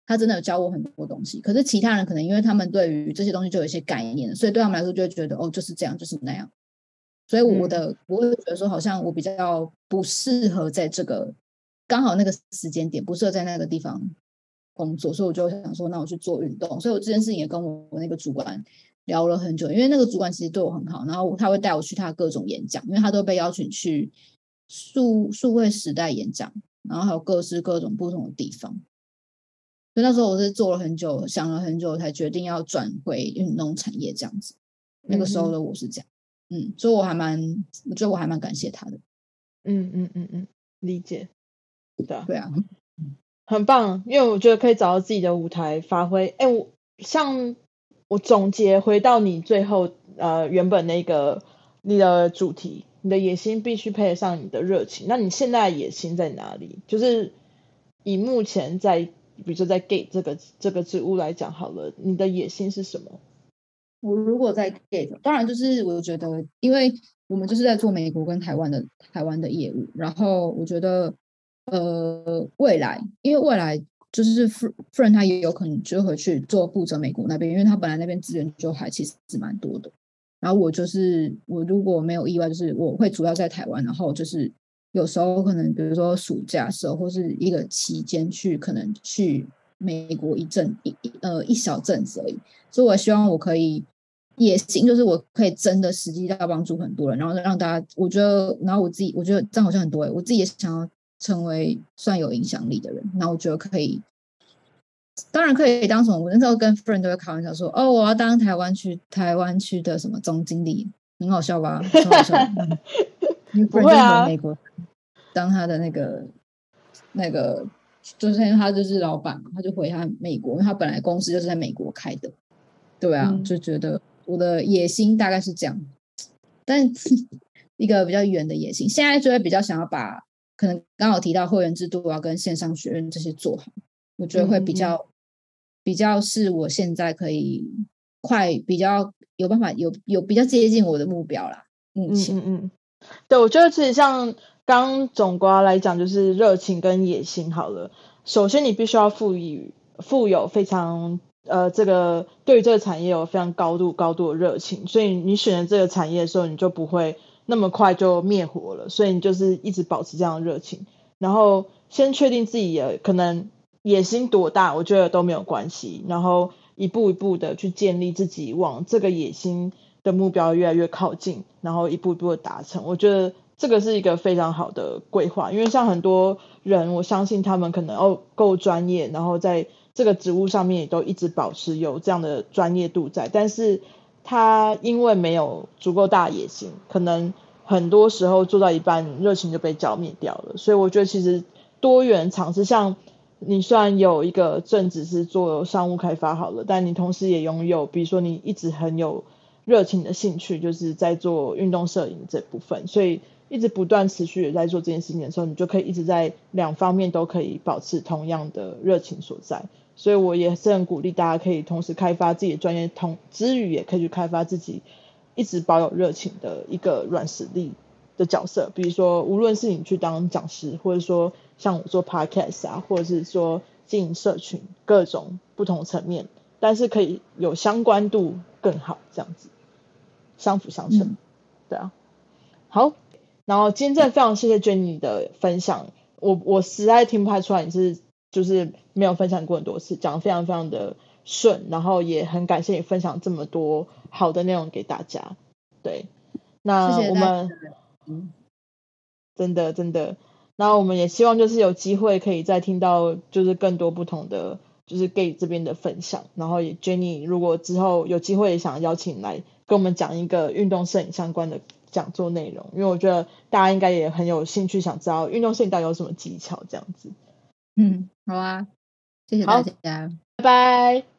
他真的有教我很多東西，可是其他人可能因為他們對於這些東西就有一些概念，所以對他們來說就會覺得哦，就是這樣，就是那樣。所以我的我會覺得說，好像我比較不適合在這個剛好那個時間點，不適合在那個地方工作，所以我就會想說，那我去做運動。所以我這件事情也跟我那個主管聊了很久，因為那個主管其實對我很好，然後他會帶我去他各種演講，因為他都被邀請去數數位時代演講，然後還有各式各種不同的地方。所以那時候我是做了很久，想了很久，才決定要轉回運動產業這樣子。那個時候的我是這樣，嗯哼，嗯，所以我還蠻，我覺得我還蠻感謝他的。嗯嗯嗯嗯，理解。對啊，對啊，嗯，很棒。因為我覺得可以找到自己的舞台發揮，發揮。哎，我像我總結回到你最後呃原本那個你的主題，你的野心必須配得上你的熱情。那你現在的野心在哪裡？就是以目前在。比如說，在 Gate 這個這個職務來講好了，你的野心是什麼？我如果在 Gate，當然就是我覺得，因為我們就是在做美國跟台灣的台灣的業務，然後我覺得，呃，未來，因為未來就是 Friend 他也有可能就會去做負責美國那邊，因為他本來那邊資源就還其實是蠻多的，然後我就是我如果沒有意外，就是我會主要在台灣，然後就是。有時候可能，比如說暑假時候或是一個期間去，可能去美國一陣一呃一小陣子而已。所以我希望我可以也行，就是我可以真的實際到幫助很多人，然後讓大家我覺得，然後我自己我覺得這樣好像很多。我自己也是想要成為算有影響力的人，那我覺得可以。當然可以當什麼？我那時候跟 friend 都會開玩笑說：“哦，我要當台灣區台灣區的什麼總經理，很好笑吧？”很好笑。 嗯不會啊，然就回美國，啊、當他的那個那個，就是因為他就是老闆，他就回他美國，因為他本來公司就是在美國開的。對啊，嗯、就覺得我的野心大概是這樣，但一個比較遠的野心。現在就會比較想要把，可能剛好提到會員制度、啊，我要跟線上學院這些做好，我覺得會比較嗯嗯比較是我現在可以快比較有辦法有有比較接近我的目標啦。目前嗯，嗯嗯。對，我覺得其實像剛剛總括來講，就是熱情跟野心好了。首先，你必須要賦予富有非常呃這個對於這個產業有非常高度高度的熱情，所以你選擇這個產業的時候，你就不會那麼快就滅火了。所以你就是一直保持這樣的熱情，然後先確定自己也可能野心多大，我覺得都沒有關係。然後一步一步的去建立自己往這個野心的目標越來越靠近，然後一步一步地達成。我覺得這個是一個非常好的規劃，因為像很多人，我相信他們可能要夠專業，然後在這個職務上面也都一直保持有這樣的專業度在。但是他因為沒有足夠大的野心，可能很多時候做到一半，熱情就被澆滅掉了。所以我覺得其實多元嘗試，像你雖然有一個正職是做商務開發好了，但你同時也擁有，比如說你一直很有。熱情的興趣就是在做運動攝影這部分，所以一直不斷持續的在做這件事情的時候，你就可以一直在兩方面都可以保持同樣的熱情所在。所以我也是很鼓勵大家可以同時開發自己的專業，同之餘也可以去開發自己一直保有熱情的一個軟實力的角色。比如說，無論是你去當講師，或者說像我做 podcast 啊，或者是說經營社群，各種不同層面，但是可以有相關度更好這樣子。相輔相成，嗯、對啊，好，然後今天真的非常謝謝 Jenny 的分享，我我實在聽不太出來你是就是沒有分享過很多次，講的非常非常的順，然後也很感謝你分享這麼多好的內容給大家。對，那我們，真的真的，那我們也希望就是有機會可以再聽到就是更多不同的就是 GATE 這邊的分享，然後 Jenny 如果之後有機會也想邀請來。跟我們講一個運動攝影相關的講座內容，因為我覺得大家應該也很有興趣，想知道運動攝影到底有什麼技巧這樣子。嗯，好啊，謝謝大家，好，拜拜。